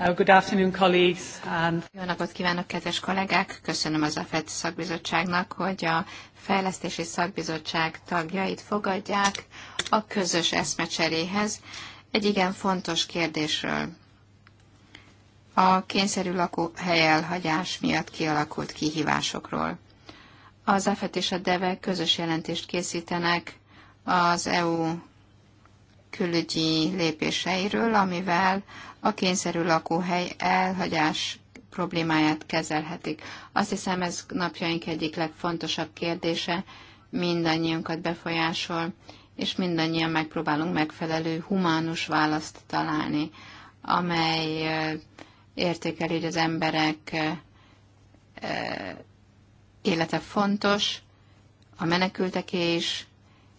Uh, good afternoon, colleagues. Jó napot kívánok, kedves kollégák! Köszönöm az AFET szakbizottságnak, hogy a fejlesztési szakbizottság tagjait fogadják a közös eszmecseréhez egy igen fontos kérdésről. A kényszerű lakóhely elhagyás miatt kialakult kihívásokról. Az AFET és a DEVE közös jelentést készítenek az EU külügyi lépéseiről, amivel a kényszerű lakóhely elhagyás problémáját kezelhetik. Azt hiszem, ez napjaink egyik legfontosabb kérdése, mindannyiunkat befolyásol, és mindannyian megpróbálunk megfelelő humánus választ találni, amely értékeli, hogy az emberek élete fontos, a menekülteké is,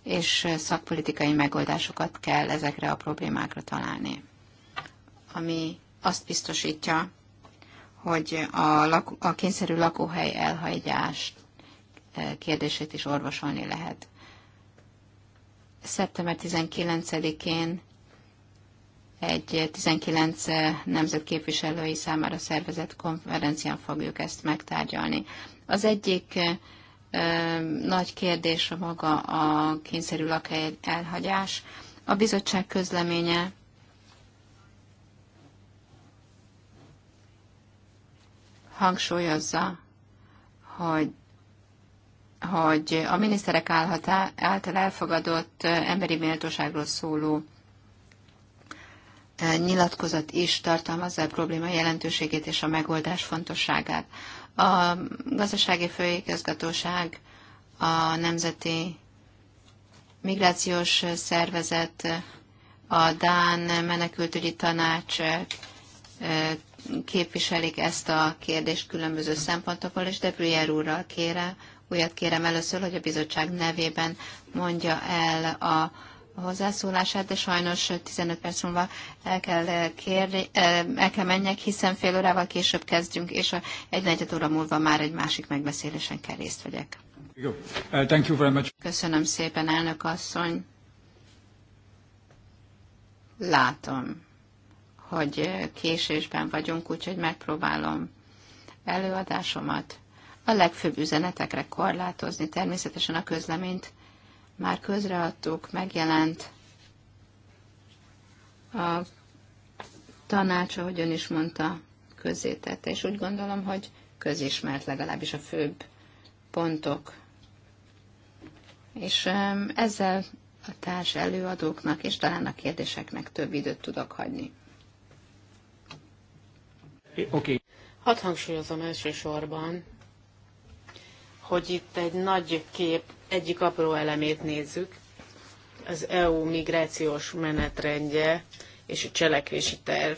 és szakpolitikai megoldásokat kell ezekre a problémákra találni, ami azt biztosítja, hogy a, lakó, a kényszerű lakóhely elhagyás eh, kérdését is orvosolni lehet. Szeptember 19-én egy 19 eh, nemzetképviselői számára szervezett konferencián fogjuk ezt megtárgyalni. Az egyik eh, nagy kérdés a maga a kényszerű lakhely elhagyás. A bizottság közleménye hangsúlyozza, hogy hogy a miniszterek által elfogadott emberi méltóságról szóló nyilatkozat is tartalmazza a probléma jelentőségét és a megoldás fontosságát. A gazdasági főigazgatóság, a Nemzeti Migrációs Szervezet, a Dán Menekültügyi Tanács képviselik ezt a kérdést különböző szempontokból, és de úrral kérem, újat kérem először, hogy a bizottság nevében mondja el a hozzászólását, de sajnos 15 perc múlva el kell, eh, kérni, eh, el kell menjek, hiszen fél órával később kezdjünk, és egy negyed óra múlva már egy másik megbeszélésen kell részt vegyek. Eh, Köszönöm szépen, elnök asszony. Látom, hogy késésben vagyunk, úgyhogy megpróbálom előadásomat a legfőbb üzenetekre korlátozni, természetesen a közleményt már közreadtuk, megjelent a tanács, ahogy ön is mondta, közzétette, és úgy gondolom, hogy közismert legalábbis a főbb pontok. És ezzel a társ előadóknak és talán a kérdéseknek több időt tudok hagyni. Oké. Okay. Hadd hangsúlyozom elsősorban, hogy itt egy nagy kép egyik apró elemét nézzük, az EU migrációs menetrendje és a cselekvési terv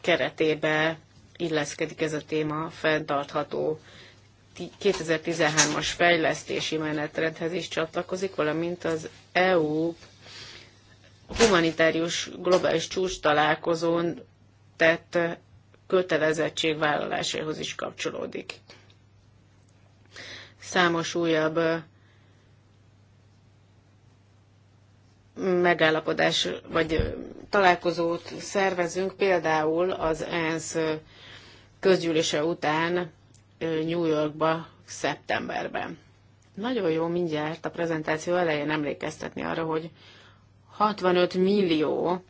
keretébe illeszkedik ez a téma fenntartható 2013-as fejlesztési menetrendhez is csatlakozik, valamint az EU humanitárius globális csúcs találkozón tett kötelezettségvállalásához is kapcsolódik. Számos újabb megállapodás vagy találkozót szervezünk, például az ENSZ közgyűlése után New Yorkba szeptemberben. Nagyon jó mindjárt a prezentáció elején emlékeztetni arra, hogy 65 millió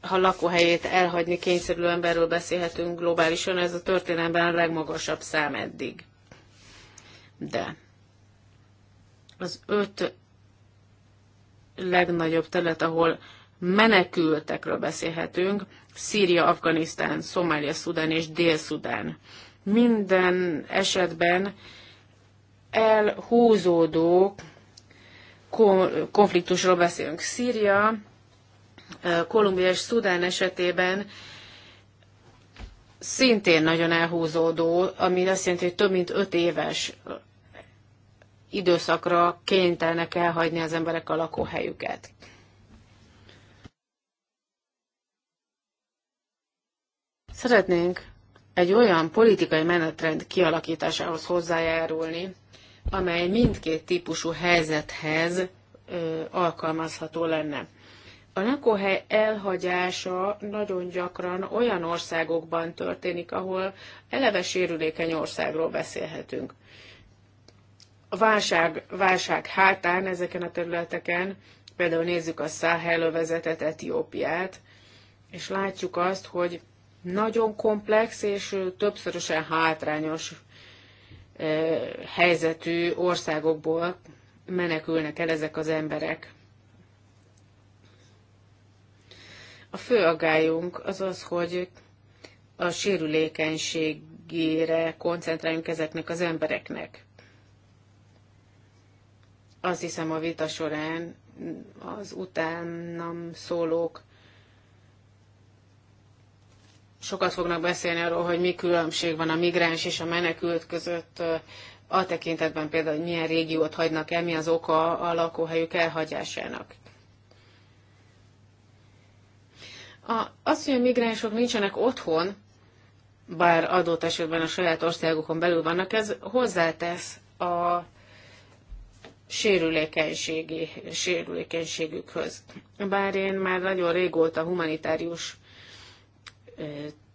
ha lakóhelyét elhagyni kényszerülő emberről beszélhetünk globálisan, ez a történelemben a legmagasabb szám eddig. De az öt legnagyobb terület, ahol menekültekről beszélhetünk, Szíria, Afganisztán, Szomália, Szudán és Dél-Szudán. Minden esetben elhúzódó konfliktusról beszélünk. Szíria, eh, Kolumbia és Szudán esetében szintén nagyon elhúzódó, ami azt jelenti, hogy több mint öt éves időszakra kénytelnek elhagyni az emberek a lakóhelyüket. Szeretnénk egy olyan politikai menetrend kialakításához hozzájárulni, amely mindkét típusú helyzethez ö, alkalmazható lenne. A lakóhely elhagyása nagyon gyakran olyan országokban történik, ahol eleve sérülékeny országról beszélhetünk a válság, válság hátán ezeken a területeken, például nézzük a Száhel vezetett Etiópiát, és látjuk azt, hogy nagyon komplex és többszörösen hátrányos helyzetű országokból menekülnek el ezek az emberek. A fő aggályunk az az, hogy a sérülékenységére koncentráljunk ezeknek az embereknek. Azt hiszem a vita során az utánam szólók sokat fognak beszélni arról, hogy mi különbség van a migráns és a menekült között, a tekintetben például, hogy milyen régiót hagynak el, mi az oka a lakóhelyük elhagyásának. A, az, hogy a migránsok nincsenek otthon, bár adott esetben a saját országukon belül vannak, ez hozzátesz a sérülékenységi, sérülékenységükhöz. Bár én már nagyon régóta humanitárius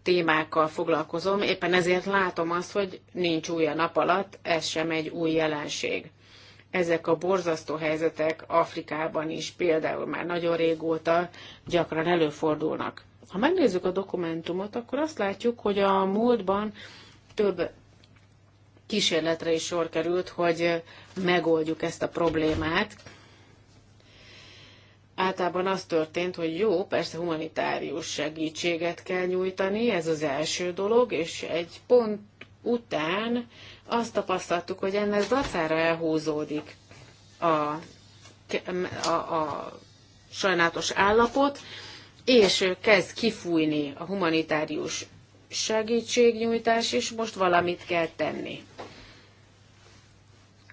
témákkal foglalkozom, éppen ezért látom azt, hogy nincs új a nap alatt, ez sem egy új jelenség. Ezek a borzasztó helyzetek Afrikában is például már nagyon régóta gyakran előfordulnak. Ha megnézzük a dokumentumot, akkor azt látjuk, hogy a múltban több kísérletre is sor került, hogy megoldjuk ezt a problémát. Általában az történt, hogy jó, persze humanitárius segítséget kell nyújtani, ez az első dolog, és egy pont után azt tapasztaltuk, hogy ennek dacára elhúzódik a, a, a sajnálatos állapot, és kezd kifújni a humanitárius segítségnyújtás, és most valamit kell tenni.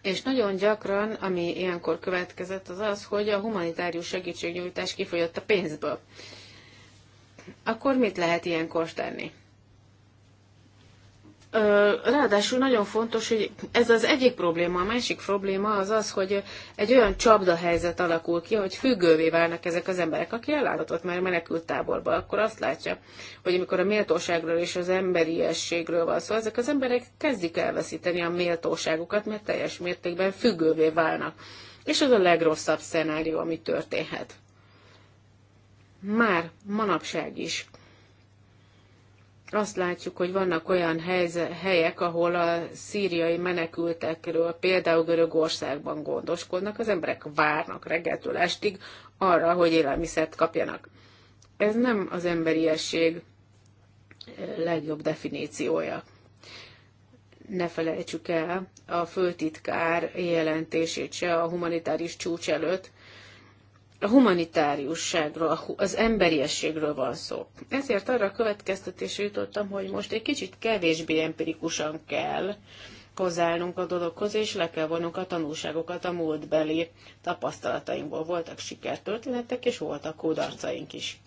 És nagyon gyakran, ami ilyenkor következett, az az, hogy a humanitárius segítségnyújtás kifolyott a pénzből. Akkor mit lehet ilyenkor tenni? Ráadásul nagyon fontos, hogy ez az egyik probléma, a másik probléma az az, hogy egy olyan csapda helyzet alakul ki, hogy függővé válnak ezek az emberek. Aki elállhatott már menekült táborba, akkor azt látja, hogy amikor a méltóságról és az emberiességről van szó, ezek az emberek kezdik elveszíteni a méltóságukat, mert teljes mértékben függővé válnak. És ez a legrosszabb szenárió, ami történhet. Már manapság is azt látjuk, hogy vannak olyan helyek, ahol a szíriai menekültekről, például Görögországban gondoskodnak, az emberek várnak reggeltől estig arra, hogy élelmiszert kapjanak. Ez nem az emberiesség eh, legjobb definíciója. Ne felejtsük el a főtitkár jelentését se a humanitáris csúcs előtt, a humanitáriusságról, az emberiességről van szó. Ezért arra a következtetésre jutottam, hogy most egy kicsit kevésbé empirikusan kell hozzáállnunk a dologhoz, és le kell vonnunk a tanulságokat a múltbeli tapasztalatainkból. Voltak sikertörténetek, és voltak kudarcaink is.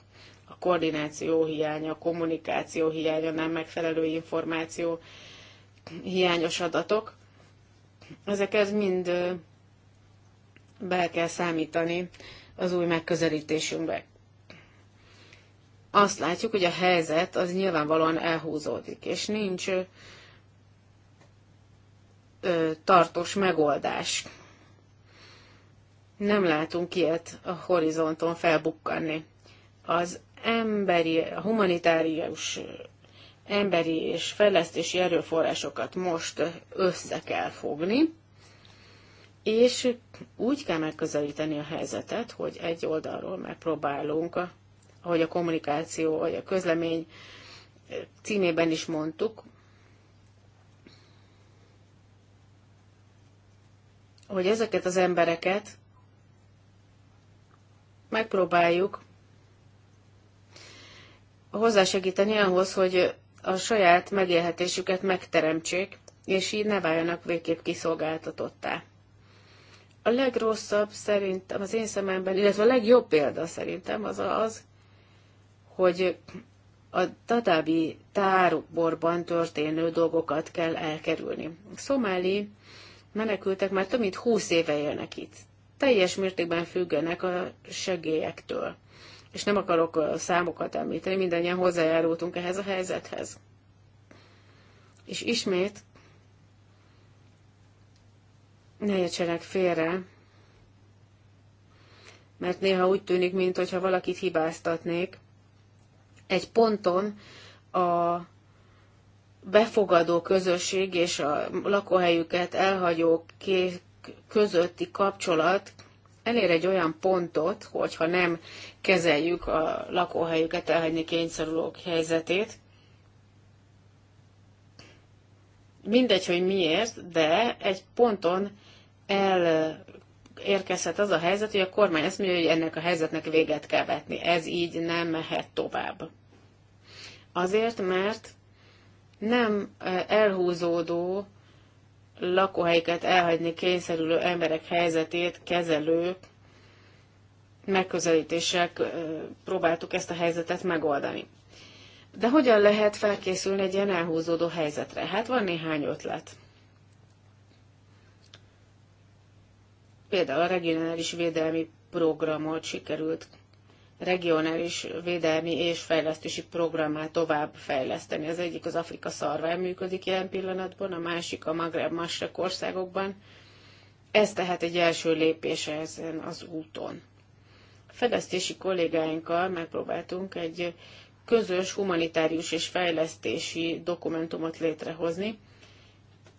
A koordináció hiánya, a kommunikáció hiánya, nem megfelelő információ, hiányos adatok, ezekhez mind be kell számítani az új megközelítésünkbe. Azt látjuk, hogy a helyzet az nyilvánvalóan elhúzódik, és nincs ö, tartós megoldás. Nem látunk ilyet a horizonton felbukkanni. Az emberi, a humanitárius emberi és fejlesztési erőforrásokat most össze kell fogni, és úgy kell megközelíteni a helyzetet, hogy egy oldalról megpróbálunk, ahogy a kommunikáció, vagy a közlemény címében is mondtuk, hogy ezeket az embereket megpróbáljuk hozzásegíteni ahhoz, hogy a saját megélhetésüket megteremtsék, és így ne váljanak végképp kiszolgáltatottá. A legrosszabb szerintem az én szememben, illetve a legjobb példa szerintem az az, hogy a dadábi táborban történő dolgokat kell elkerülni. A szomáli menekültek már több mint húsz éve élnek itt. Teljes mértékben függenek a segélyektől. És nem akarok számokat említeni, mindannyian hozzájárultunk ehhez a helyzethez. És ismét ne értsenek félre, mert néha úgy tűnik, mintha valakit hibáztatnék. Egy ponton a befogadó közösség és a lakóhelyüket elhagyó közötti kapcsolat elér egy olyan pontot, hogyha nem kezeljük a lakóhelyüket elhagyni kényszerülők helyzetét. Mindegy, hogy miért, de egy ponton érkezhet az a helyzet, hogy a kormány azt mondja, hogy ennek a helyzetnek véget kell vetni. Ez így nem mehet tovább. Azért, mert nem elhúzódó lakóhelyeket elhagyni kényszerülő emberek helyzetét kezelő megközelítések próbáltuk ezt a helyzetet megoldani. De hogyan lehet felkészülni egy ilyen elhúzódó helyzetre? Hát van néhány ötlet. Például a regionális védelmi programot sikerült regionális védelmi és fejlesztési programát tovább fejleszteni. Az egyik az Afrika szarván működik jelen pillanatban, a másik a Magreb Masrek országokban. Ez tehát egy első lépés ezen az úton. A fejlesztési kollégáinkkal megpróbáltunk egy közös humanitárius és fejlesztési dokumentumot létrehozni,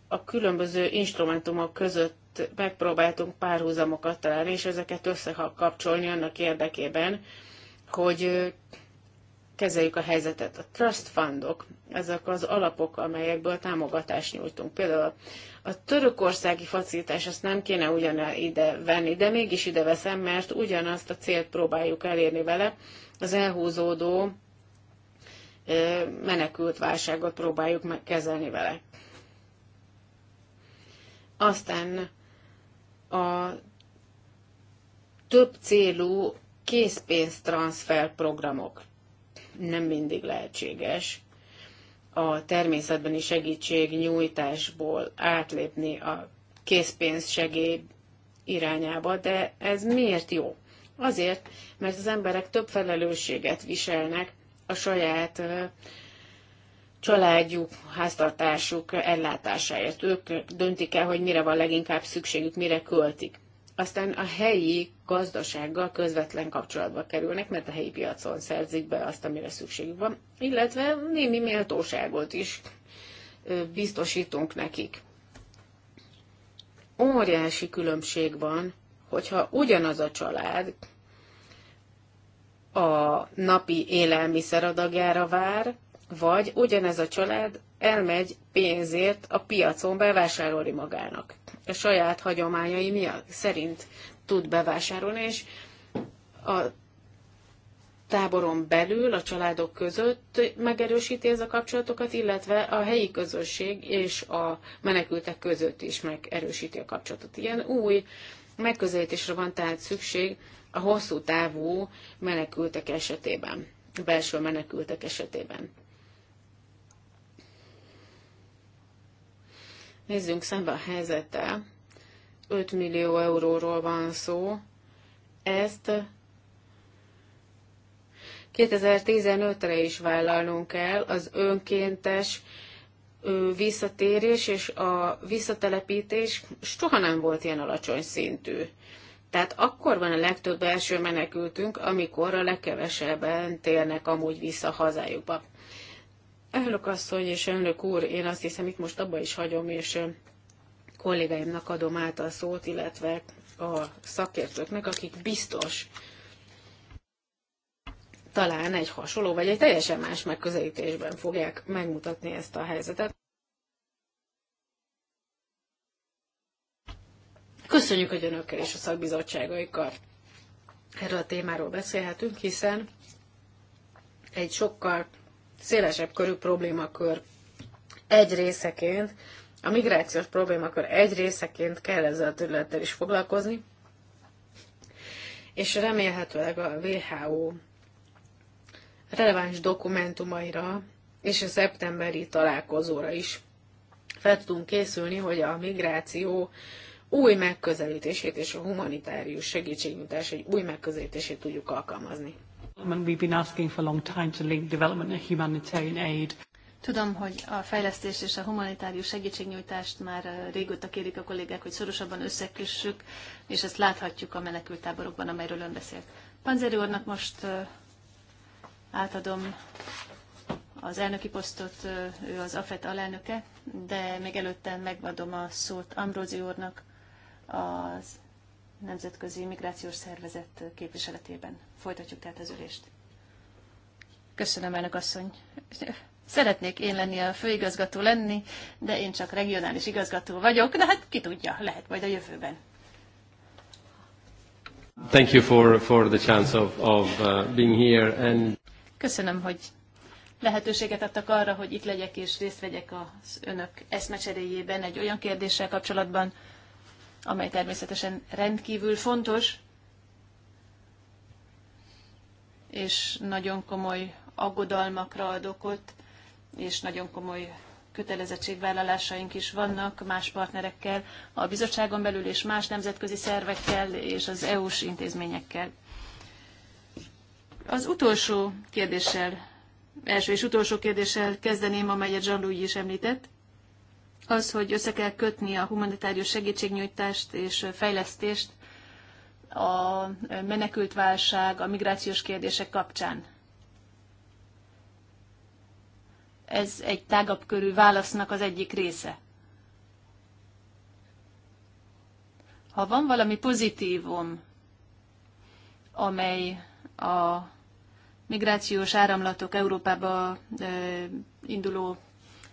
a különböző instrumentumok között megpróbáltunk párhuzamokat találni, és ezeket összekapcsolni annak érdekében, hogy kezeljük a helyzetet. A trust fundok, ezek az alapok, amelyekből támogatást nyújtunk. Például a törökországi facilitás, azt nem kéne ugyan ide venni, de mégis ide veszem, mert ugyanazt a célt próbáljuk elérni vele, az elhúzódó menekült válságot próbáljuk kezelni vele. Aztán a több célú készpénztranszfer programok. Nem mindig lehetséges a természetbeni nyújtásból átlépni a készpénz segély irányába, de ez miért jó? Azért, mert az emberek több felelősséget viselnek a saját családjuk, háztartásuk ellátásáért. Ők döntik el, hogy mire van leginkább szükségük, mire költik. Aztán a helyi gazdasággal közvetlen kapcsolatba kerülnek, mert a helyi piacon szerzik be azt, amire szükségük van, illetve némi méltóságot is biztosítunk nekik. Óriási különbség van, hogyha ugyanaz a család a napi élelmiszeradagjára vár, vagy ugyanez a család elmegy pénzért a piacon bevásárolni magának. A saját hagyományai miatt szerint tud bevásárolni, és a táboron belül, a családok között megerősíti ez a kapcsolatokat, illetve a helyi közösség és a menekültek között is megerősíti a kapcsolatot. Ilyen új megközelítésre van tehát szükség a hosszú távú menekültek esetében, a belső menekültek esetében. Nézzünk szembe a helyzettel. 5 millió euróról van szó. Ezt 2015-re is vállalnunk kell az önkéntes visszatérés és a visszatelepítés soha nem volt ilyen alacsony szintű. Tehát akkor van a legtöbb első menekültünk, amikor a legkevesebben térnek amúgy vissza hazájukba. Önök asszony és önök úr, én azt hiszem, itt most abba is hagyom, és kollégáimnak adom át a szót, illetve a szakértőknek, akik biztos talán egy hasonló, vagy egy teljesen más megközelítésben fogják megmutatni ezt a helyzetet. Köszönjük, hogy önökkel és a szakbizottságaikkal erről a témáról beszélhetünk, hiszen egy sokkal szélesebb körű problémakör egy részeként, a migrációs problémakör egy részeként kell ezzel a területtel is foglalkozni, és remélhetőleg a WHO releváns dokumentumaira és a szeptemberi találkozóra is fel tudunk készülni, hogy a migráció új megközelítését és a humanitárius segítségnyújtás egy új megközelítését tudjuk alkalmazni. Tudom, hogy a fejlesztés és a humanitárius segítségnyújtást már régóta kérik a kollégák, hogy szorosabban összekössük, és ezt láthatjuk a menekültáborokban, amelyről ön beszélt. Panzeri úrnak most átadom az elnöki posztot, ő az AFET alelnöke, de még előtte megadom a szót Ambrózi úrnak, az Nemzetközi Migrációs Szervezet képviseletében. Folytatjuk tehát az ülést. Köszönöm, elnök asszony. Szeretnék én lenni a főigazgató lenni, de én csak regionális igazgató vagyok, de hát ki tudja, lehet majd a jövőben. Thank you for, for the chance of, of uh, being here and... Köszönöm, hogy lehetőséget adtak arra, hogy itt legyek és részt vegyek az önök eszmecseréjében egy olyan kérdéssel kapcsolatban, amely természetesen rendkívül fontos, és nagyon komoly aggodalmakra ad okot, és nagyon komoly kötelezettségvállalásaink is vannak más partnerekkel, a bizottságon belül és más nemzetközi szervekkel és az EU-s intézményekkel. Az utolsó kérdéssel, első és utolsó kérdéssel kezdeném, amelyet Jean-Louis is említett az, hogy össze kell kötni a humanitárius segítségnyújtást és fejlesztést a menekültválság, a migrációs kérdések kapcsán. Ez egy tágabb körű válasznak az egyik része. Ha van valami pozitívum, amely a migrációs áramlatok Európába induló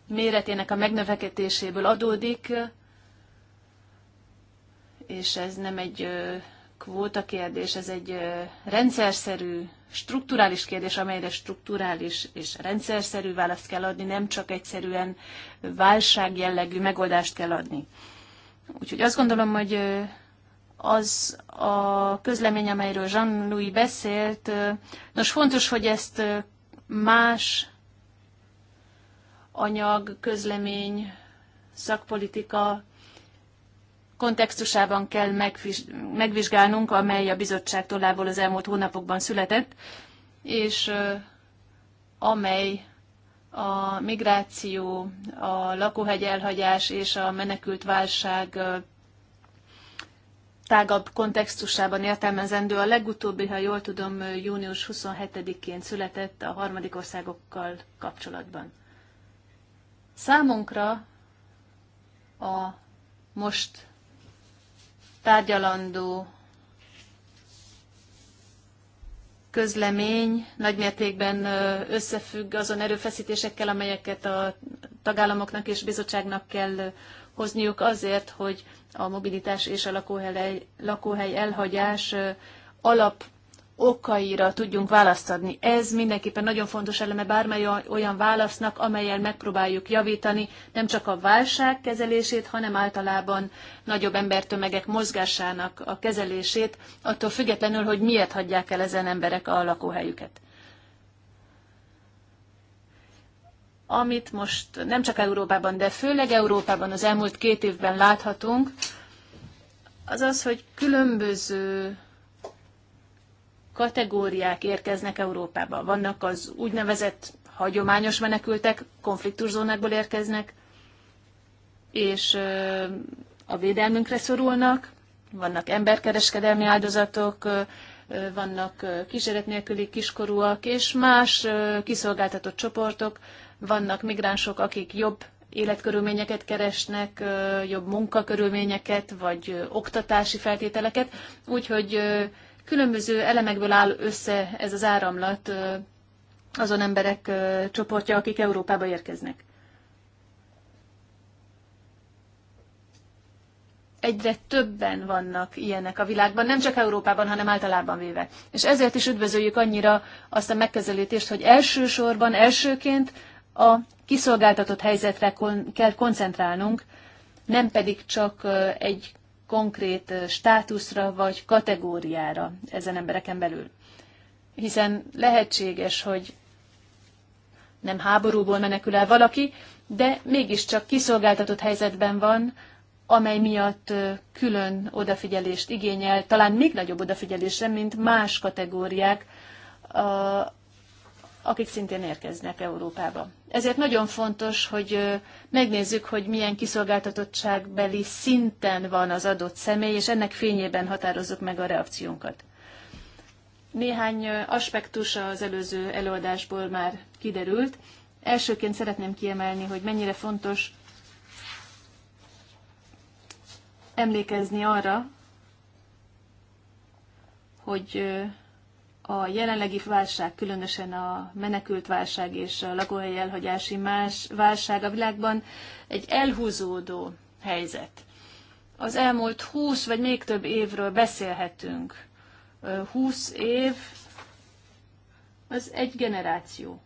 méretének a megnövekedéséből adódik, és ez nem egy kvóta kérdés, ez egy rendszerszerű, strukturális kérdés, amelyre strukturális és rendszerszerű választ kell adni, nem csak egyszerűen válság jellegű megoldást kell adni. Úgyhogy azt gondolom, hogy az a közlemény, amelyről Jean-Louis beszélt, nos fontos, hogy ezt más anyag, közlemény, szakpolitika kontextusában kell megvizsgálnunk, amely a bizottság tollából az elmúlt hónapokban született, és amely a migráció, a lakóhegy elhagyás és a menekült válság tágabb kontextusában értelmezendő. A legutóbbi, ha jól tudom, június 27-én született a harmadik országokkal kapcsolatban. Számunkra a most tárgyalandó közlemény nagymértékben összefügg azon erőfeszítésekkel, amelyeket a tagállamoknak és bizottságnak kell hozniuk azért, hogy a mobilitás és a lakóhely, lakóhely elhagyás alap okaira tudjunk választ adni. Ez mindenképpen nagyon fontos eleme bármely olyan válasznak, amelyel megpróbáljuk javítani nem csak a válság kezelését, hanem általában nagyobb embertömegek mozgásának a kezelését, attól függetlenül, hogy miért hagyják el ezen emberek a lakóhelyüket. Amit most nem csak Európában, de főleg Európában az elmúlt két évben láthatunk, az az, hogy különböző kategóriák érkeznek Európába. Vannak az úgynevezett hagyományos menekültek, konfliktuszónákból érkeznek, és a védelmünkre szorulnak, vannak emberkereskedelmi áldozatok, vannak kísérlet nélküli kiskorúak, és más kiszolgáltatott csoportok, vannak migránsok, akik jobb életkörülményeket keresnek, jobb munkakörülményeket, vagy oktatási feltételeket, úgyhogy Különböző elemekből áll össze ez az áramlat azon emberek csoportja, akik Európába érkeznek. egyre többen vannak ilyenek a világban, nem csak Európában, hanem általában véve. És ezért is üdvözöljük annyira azt a megközelítést, hogy elsősorban, elsőként a kiszolgáltatott helyzetre kon- kell koncentrálnunk, nem pedig csak egy konkrét státuszra vagy kategóriára ezen embereken belül. Hiszen lehetséges, hogy nem háborúból menekül el valaki, de mégiscsak kiszolgáltatott helyzetben van, amely miatt külön odafigyelést igényel, talán még nagyobb odafigyelésre, mint más kategóriák, akik szintén érkeznek Európába. Ezért nagyon fontos, hogy megnézzük, hogy milyen kiszolgáltatottságbeli szinten van az adott személy, és ennek fényében határozzuk meg a reakciónkat. Néhány aspektus az előző előadásból már kiderült. Elsőként szeretném kiemelni, hogy mennyire fontos emlékezni arra, hogy a jelenlegi válság, különösen a menekült válság és a lakóhely elhagyási más válság a világban egy elhúzódó helyzet. Az elmúlt 20 vagy még több évről beszélhetünk. 20 év az egy generáció.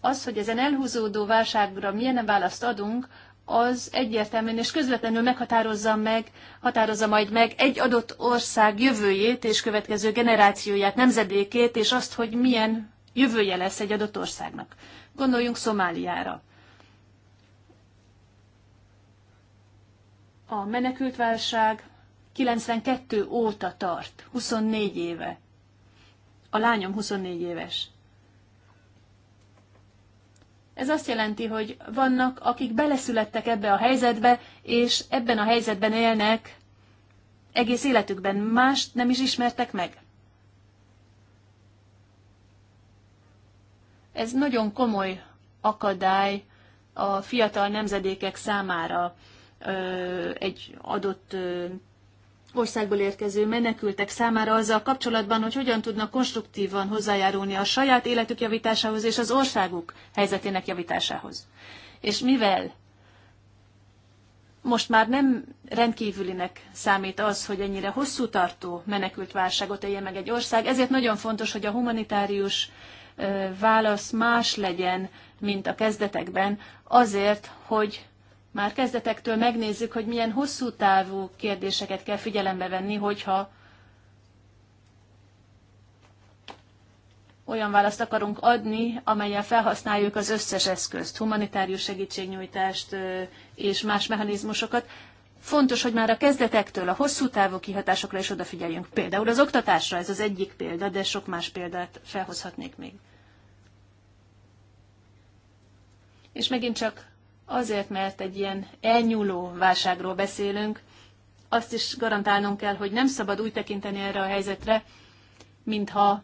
Az, hogy ezen elhúzódó válságra milyen választ adunk, az egyértelműen és közvetlenül meghatározza meg, határozza majd meg egy adott ország jövőjét és következő generációját, nemzedékét, és azt, hogy milyen jövője lesz egy adott országnak. Gondoljunk Szomáliára. A menekültválság 92 óta tart, 24 éve. A lányom 24 éves. Ez azt jelenti, hogy vannak, akik beleszülettek ebbe a helyzetbe, és ebben a helyzetben élnek egész életükben, mást nem is ismertek meg. Ez nagyon komoly akadály a fiatal nemzedékek számára egy adott országból érkező menekültek számára azzal kapcsolatban, hogy hogyan tudnak konstruktívan hozzájárulni a saját életük javításához és az országuk helyzetének javításához. És mivel most már nem rendkívülinek számít az, hogy ennyire hosszú tartó menekült válságot élje meg egy ország, ezért nagyon fontos, hogy a humanitárius válasz más legyen, mint a kezdetekben, azért, hogy már kezdetektől megnézzük, hogy milyen hosszú távú kérdéseket kell figyelembe venni, hogyha olyan választ akarunk adni, amelyen felhasználjuk az összes eszközt, humanitárius segítségnyújtást és más mechanizmusokat. Fontos, hogy már a kezdetektől a hosszú távú kihatásokra is odafigyeljünk. Például az oktatásra, ez az egyik példa, de sok más példát felhozhatnék még. És megint csak azért, mert egy ilyen elnyúló válságról beszélünk, azt is garantálnunk kell, hogy nem szabad úgy tekinteni erre a helyzetre, mintha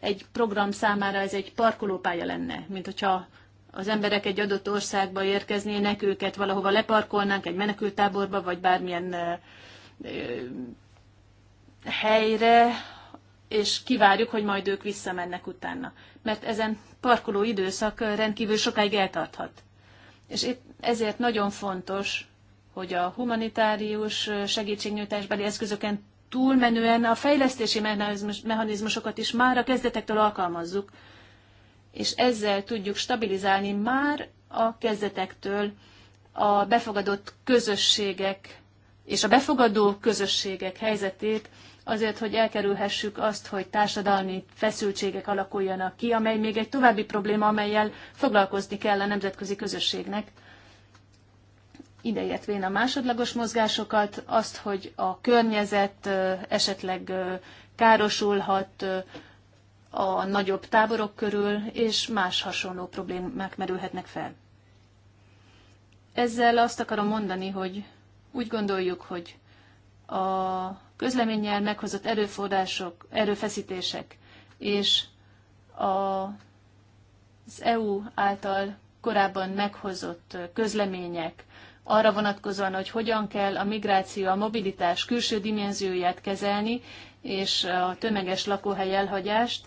egy program számára ez egy parkolópálya lenne, mint hogyha az emberek egy adott országba érkeznének, őket valahova leparkolnánk, egy menekültáborba, vagy bármilyen helyre, és kivárjuk, hogy majd ők visszamennek utána. Mert ezen parkoló időszak rendkívül sokáig eltarthat és épp ezért nagyon fontos, hogy a humanitárius segítségnyújtásbeli eszközöken túlmenően a fejlesztési mechanizmusokat is már a kezdetektől alkalmazzuk, és ezzel tudjuk stabilizálni már a kezdetektől a befogadott közösségek és a befogadó közösségek helyzetét azért, hogy elkerülhessük azt, hogy társadalmi feszültségek alakuljanak ki, amely még egy további probléma, amelyel foglalkozni kell a nemzetközi közösségnek. Ideértvén a másodlagos mozgásokat, azt, hogy a környezet esetleg károsulhat a nagyobb táborok körül, és más hasonló problémák merülhetnek fel. Ezzel azt akarom mondani, hogy úgy gondoljuk, hogy a közleménnyel meghozott erőforrások, erőfeszítések és a, az EU által korábban meghozott közlemények arra vonatkozóan, hogy hogyan kell a migráció, a mobilitás külső dimenzióját kezelni, és a tömeges lakóhely elhagyást.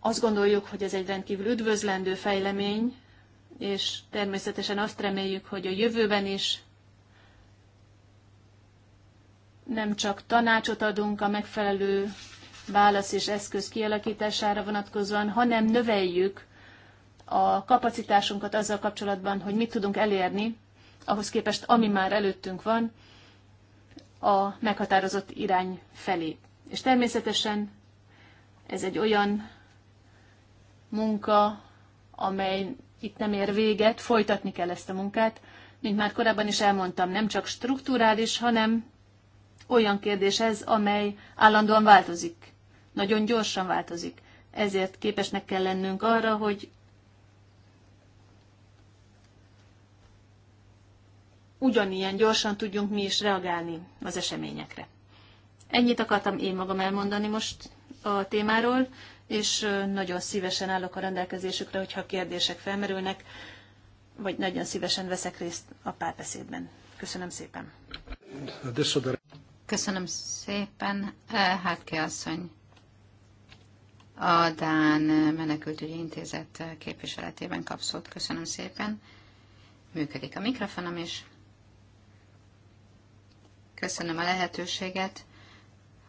Azt gondoljuk, hogy ez egy rendkívül üdvözlendő fejlemény, és természetesen azt reméljük, hogy a jövőben is nem csak tanácsot adunk a megfelelő válasz és eszköz kialakítására vonatkozóan, hanem növeljük a kapacitásunkat azzal kapcsolatban, hogy mit tudunk elérni, ahhoz képest, ami már előttünk van, a meghatározott irány felé. És természetesen ez egy olyan munka, amely itt nem ér véget, folytatni kell ezt a munkát. Mint már korábban is elmondtam, nem csak strukturális, hanem olyan kérdés ez, amely állandóan változik, nagyon gyorsan változik. Ezért képesnek kell lennünk arra, hogy ugyanilyen gyorsan tudjunk mi is reagálni az eseményekre. Ennyit akartam én magam elmondani most a témáról, és nagyon szívesen állok a rendelkezésükre, hogyha kérdések felmerülnek, vagy nagyon szívesen veszek részt a párbeszédben. Köszönöm szépen. Köszönöm szépen, eh, Hátke asszony. A Dán Menekültügyi Intézet képviseletében kapszott. Köszönöm szépen. Működik a mikrofonom is. Köszönöm a lehetőséget,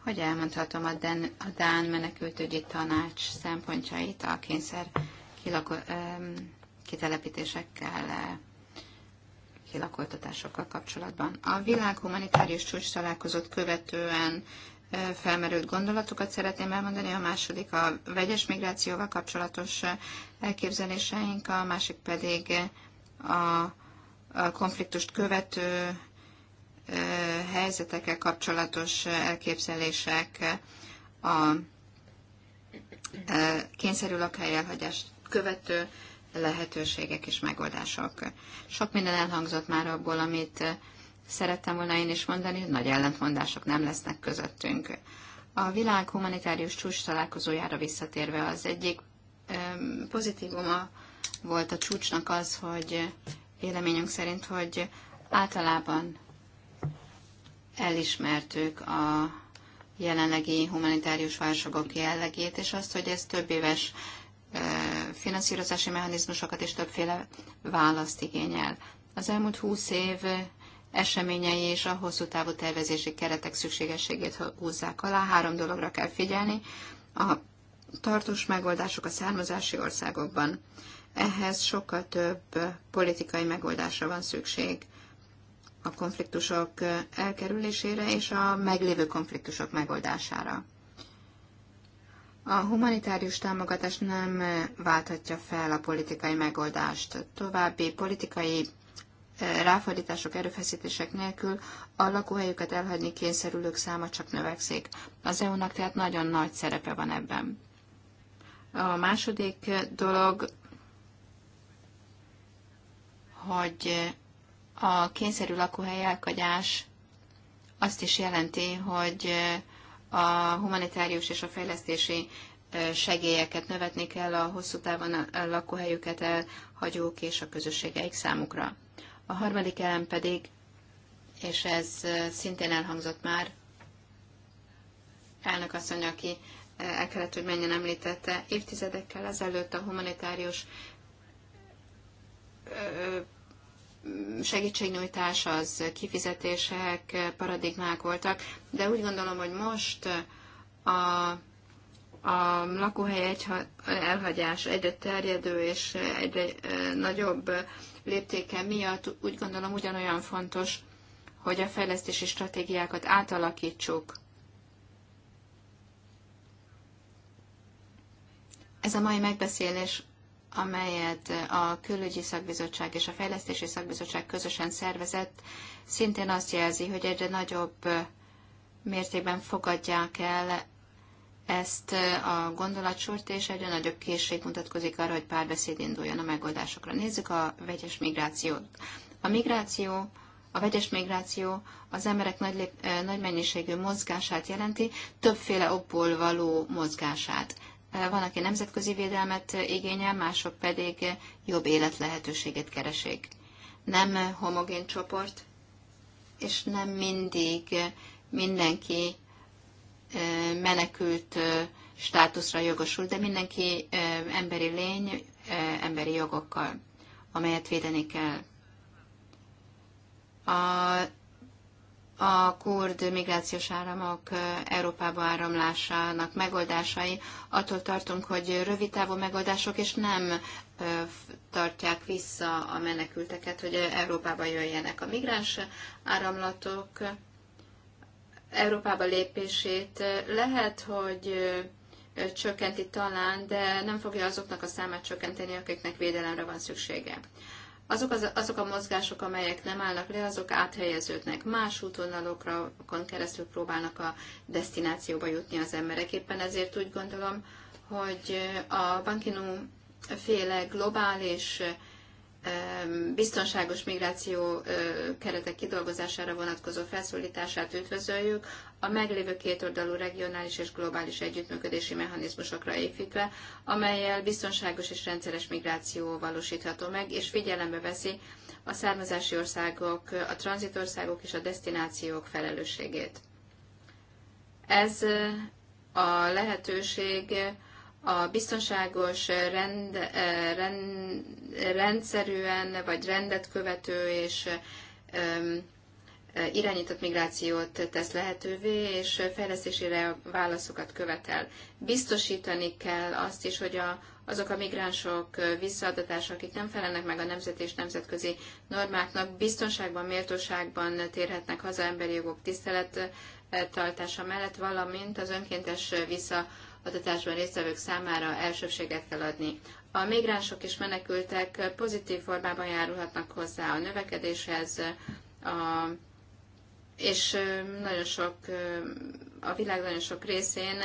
hogy elmondhatom a, Den, a Dán Menekültügyi Tanács szempontjait a kényszer kilako, kitelepítésekkel átmeneti lakoltatásokkal kapcsolatban. A világ humanitárius csúcs találkozott követően felmerült gondolatokat szeretném elmondani, a második a vegyes migrációval kapcsolatos elképzeléseink, a másik pedig a, konfliktust követő helyzetekkel kapcsolatos elképzelések, a kényszerű elhagyást követő lehetőségek és megoldások. Sok minden elhangzott már abból, amit eh, szerettem volna én is mondani, hogy nagy ellentmondások nem lesznek közöttünk. A világ humanitárius csúcs találkozójára visszatérve az egyik pozitívuma volt a csúcsnak az, hogy véleményünk szerint, hogy általában elismertük a jelenlegi humanitárius válságok jellegét, és azt, hogy ez több éves eh, finanszírozási mechanizmusokat és többféle választ igényel. Az elmúlt húsz év eseményei és a hosszú távú tervezési keretek szükségességét húzzák alá. Három dologra kell figyelni. A tartós megoldások a származási országokban. Ehhez sokkal több politikai megoldásra van szükség a konfliktusok elkerülésére és a meglévő konfliktusok megoldására. A humanitárius támogatás nem válthatja fel a politikai megoldást. További politikai eh, ráfordítások, erőfeszítések nélkül a lakóhelyüket elhagyni kényszerülők száma csak növekszik. Az EU-nak tehát nagyon nagy szerepe van ebben. A második dolog, hogy a kényszerű lakóhely elkagyás azt is jelenti, hogy a humanitárius és a fejlesztési segélyeket növetni kell a hosszú távon a lakóhelyüket elhagyók és a közösségeik számukra. A harmadik elem pedig, és ez szintén elhangzott már, elnök asszony, aki el kellett, hogy menjen említette, évtizedekkel ezelőtt a humanitárius segítségnyújtás, az kifizetések, eh, paradigmák voltak, de úgy gondolom, hogy most eh, a, a lakóhely egy, elhagyás egyre terjedő és egyre eh, nagyobb léptéke miatt úgy gondolom ugyanolyan fontos, hogy a fejlesztési stratégiákat átalakítsuk. Ez a mai megbeszélés amelyet a Külügyi Szakbizottság és a Fejlesztési Szakbizottság közösen szervezett, szintén azt jelzi, hogy egyre nagyobb mértékben fogadják el ezt a gondolatsort, és egyre nagyobb készség mutatkozik arra, hogy párbeszéd induljon a megoldásokra. Nézzük a vegyes migrációt. A migráció a vegyes migráció az emberek nagy, lép, nagy mennyiségű mozgását jelenti, többféle okból való mozgását. Van, aki nemzetközi védelmet igényel, mások pedig jobb életlehetőséget keresik. Nem homogén csoport, és nem mindig mindenki menekült státuszra jogosult, de mindenki emberi lény, emberi jogokkal, amelyet védeni kell. A a kurd migrációs áramok Európába áramlásának megoldásai. Attól tartunk, hogy rövid távú megoldások, és nem tartják vissza a menekülteket, hogy Európába jöjjenek a migráns áramlatok. Európába lépését lehet, hogy csökkenti talán, de nem fogja azoknak a számát csökkenteni, akiknek védelemre van szüksége. Azok, az, azok a mozgások, amelyek nem állnak le, azok áthelyeződnek. Más útvonalokon keresztül próbálnak a destinációba jutni az emberek. Éppen ezért úgy gondolom, hogy a bankinum féle globális biztonságos migráció keretek kidolgozására vonatkozó felszólítását üdvözöljük, a meglévő kétoldalú regionális és globális együttműködési mechanizmusokra építve, amelyel biztonságos és rendszeres migráció valósítható meg, és figyelembe veszi a származási országok, a tranzitországok és a destinációk felelősségét. Ez a lehetőség a biztonságos, rend, eh, rend, rendszerűen vagy rendet követő és eh, irányított migrációt tesz lehetővé, és fejlesztésére válaszokat követel. Biztosítani kell azt is, hogy a, azok a migránsok eh, visszaadatása, akik nem felelnek meg a nemzet és nemzetközi normáknak, biztonságban, méltóságban térhetnek haza emberi jogok tisztelettartása mellett, valamint az önkéntes vissza adatásban résztvevők számára elsőbséget kell adni. A migránsok és menekültek pozitív formában járulhatnak hozzá a növekedéshez, a, és nagyon sok, a világ nagyon sok részén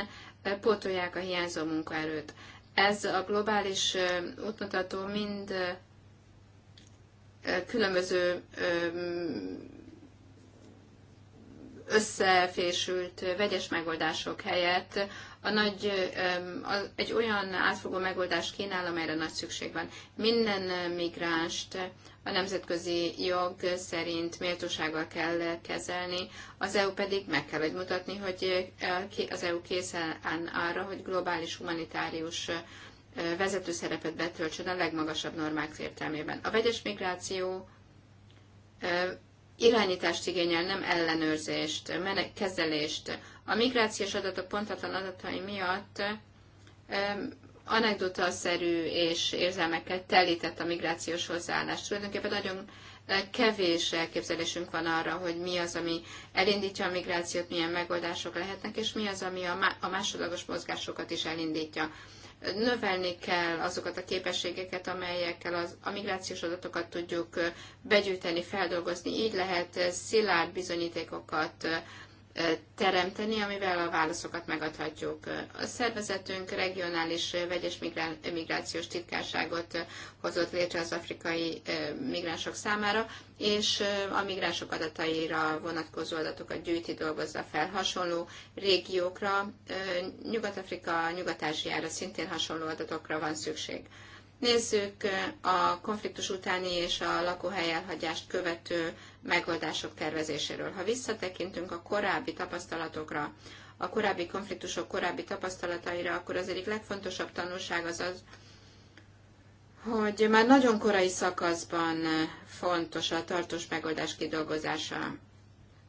pótolják a hiányzó munkaerőt. Ez a globális útmutató mind különböző összefésült vegyes megoldások helyett a nagy, egy olyan átfogó megoldást kínál, amelyre nagy szükség van. Minden migránst a nemzetközi jog szerint méltósággal kell kezelni, az EU pedig meg kell, hogy mutatni, hogy eh, az EU készen arra, hogy globális humanitárius eh, vezető szerepet betöltsön a legmagasabb normák értelmében. A vegyes migráció eh, irányítást igényel, nem ellenőrzést, kezelést. A migrációs adatok pontatlan adatai miatt anekdotaszerű és érzelmekkel telített a migrációs hozzáállás. Tulajdonképpen nagyon e, kevés elképzelésünk van arra, hogy mi az, ami elindítja a migrációt, milyen megoldások lehetnek, és mi az, ami a másodlagos mozgásokat is elindítja növelni kell azokat a képességeket, amelyekkel az, a migrációs adatokat tudjuk begyűjteni, feldolgozni. Így lehet szilárd bizonyítékokat teremteni, amivel a válaszokat megadhatjuk. A szervezetünk regionális vegyes migrációs titkárságot hozott létre az afrikai migránsok számára, és a migránsok adataira vonatkozó adatokat gyűjti, dolgozza fel hasonló régiókra, Nyugat-Afrika, Nyugat-Ázsiára szintén hasonló adatokra van szükség. Nézzük a konfliktus utáni és a lakóhely elhagyást követő megoldások tervezéséről. Ha visszatekintünk a korábbi tapasztalatokra, a korábbi konfliktusok korábbi tapasztalataira, akkor az egyik legfontosabb tanulság az az, hogy már nagyon korai szakaszban fontos a tartós megoldás kidolgozása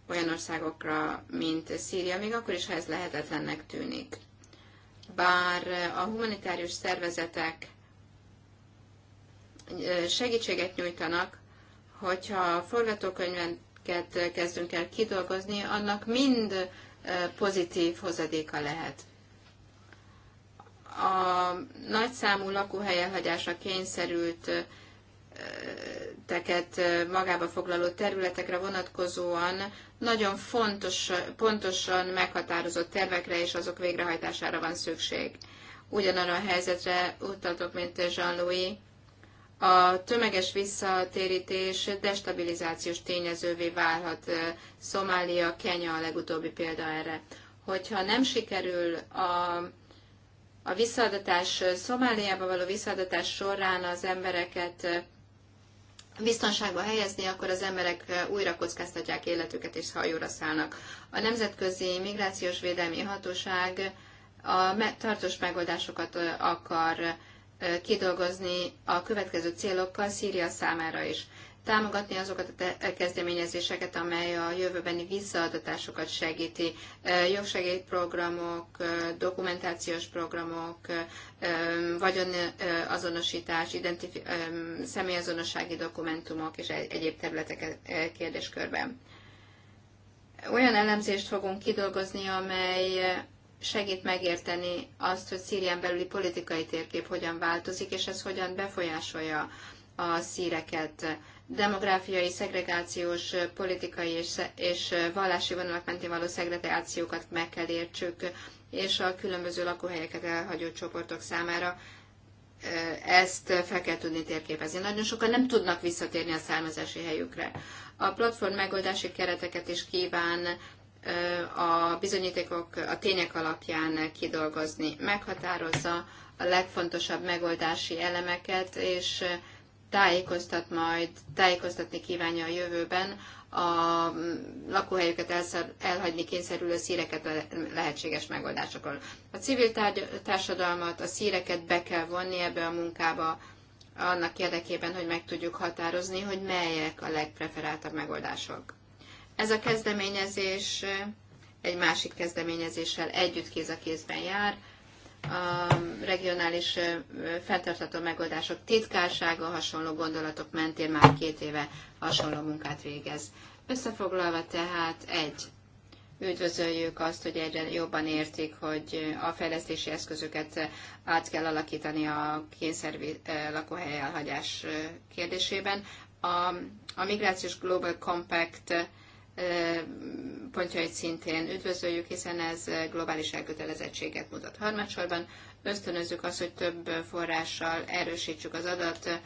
olyan országokra, mint Szíria, még akkor is, ha ez lehetetlennek tűnik. Bár a humanitárius szervezetek segítséget nyújtanak, hogyha forgatókönyvet kezdünk el kidolgozni, annak mind pozitív hozadéka lehet. A nagyszámú lakóhely elhagyásra kényszerült teket magába foglaló területekre vonatkozóan nagyon fontos, pontosan meghatározott tervekre és azok végrehajtására van szükség. Ugyanarra a helyzetre utaltok, mint Jean-Louis, a tömeges visszatérítés destabilizációs tényezővé válhat. Szomália, Kenya a legutóbbi példa erre. Hogyha nem sikerül a, a visszaadatás, Szomáliába való visszaadatás során az embereket biztonságba helyezni, akkor az emberek újra kockáztatják életüket és hajóra szállnak. A Nemzetközi Migrációs Védelmi Hatóság a tartós megoldásokat akar kidolgozni a következő célokkal Szíria számára is. Támogatni azokat a kezdeményezéseket, amely a jövőbeni visszaadatásokat segíti. Jogsegélyprogramok, dokumentációs programok, vagyonazonosítás, identifi- személyazonossági dokumentumok és egyéb területek kérdéskörben. Olyan elemzést fogunk kidolgozni, amely segít megérteni azt, hogy Szírián belüli politikai térkép hogyan változik, és ez hogyan befolyásolja a szíreket. Demográfiai, szegregációs, politikai és, és vallási vonalak mentén való szegregációkat meg kell értsük, és a különböző lakóhelyeket elhagyó csoportok számára e, ezt fel kell tudni térképezni. Nagyon sokan nem tudnak visszatérni a származási helyükre. A platform megoldási kereteket is kíván a bizonyítékok, a tények alapján kidolgozni. Meghatározza a legfontosabb megoldási elemeket, és tájékoztat majd, tájékoztatni kívánja a jövőben a lakóhelyüket elhagyni kényszerülő szíreket a lehetséges megoldásokról. A civil társadalmat, a szíreket be kell vonni ebbe a munkába, annak érdekében, hogy meg tudjuk határozni, hogy melyek a legpreferáltabb megoldások. Ez a kezdeményezés egy másik kezdeményezéssel együtt kéz a kézben jár. A regionális fenntartható megoldások titkársága hasonló gondolatok mentén már két éve hasonló munkát végez. Összefoglalva tehát egy, üdvözöljük azt, hogy egyre jobban értik, hogy a fejlesztési eszközöket át kell alakítani a kényszer lakóhely elhagyás kérdésében. A, a Migrációs Global Compact pontjait szintén üdvözöljük, hiszen ez globális elkötelezettséget mutat. Harmadsorban ösztönözzük azt, hogy több forrással erősítsük az adat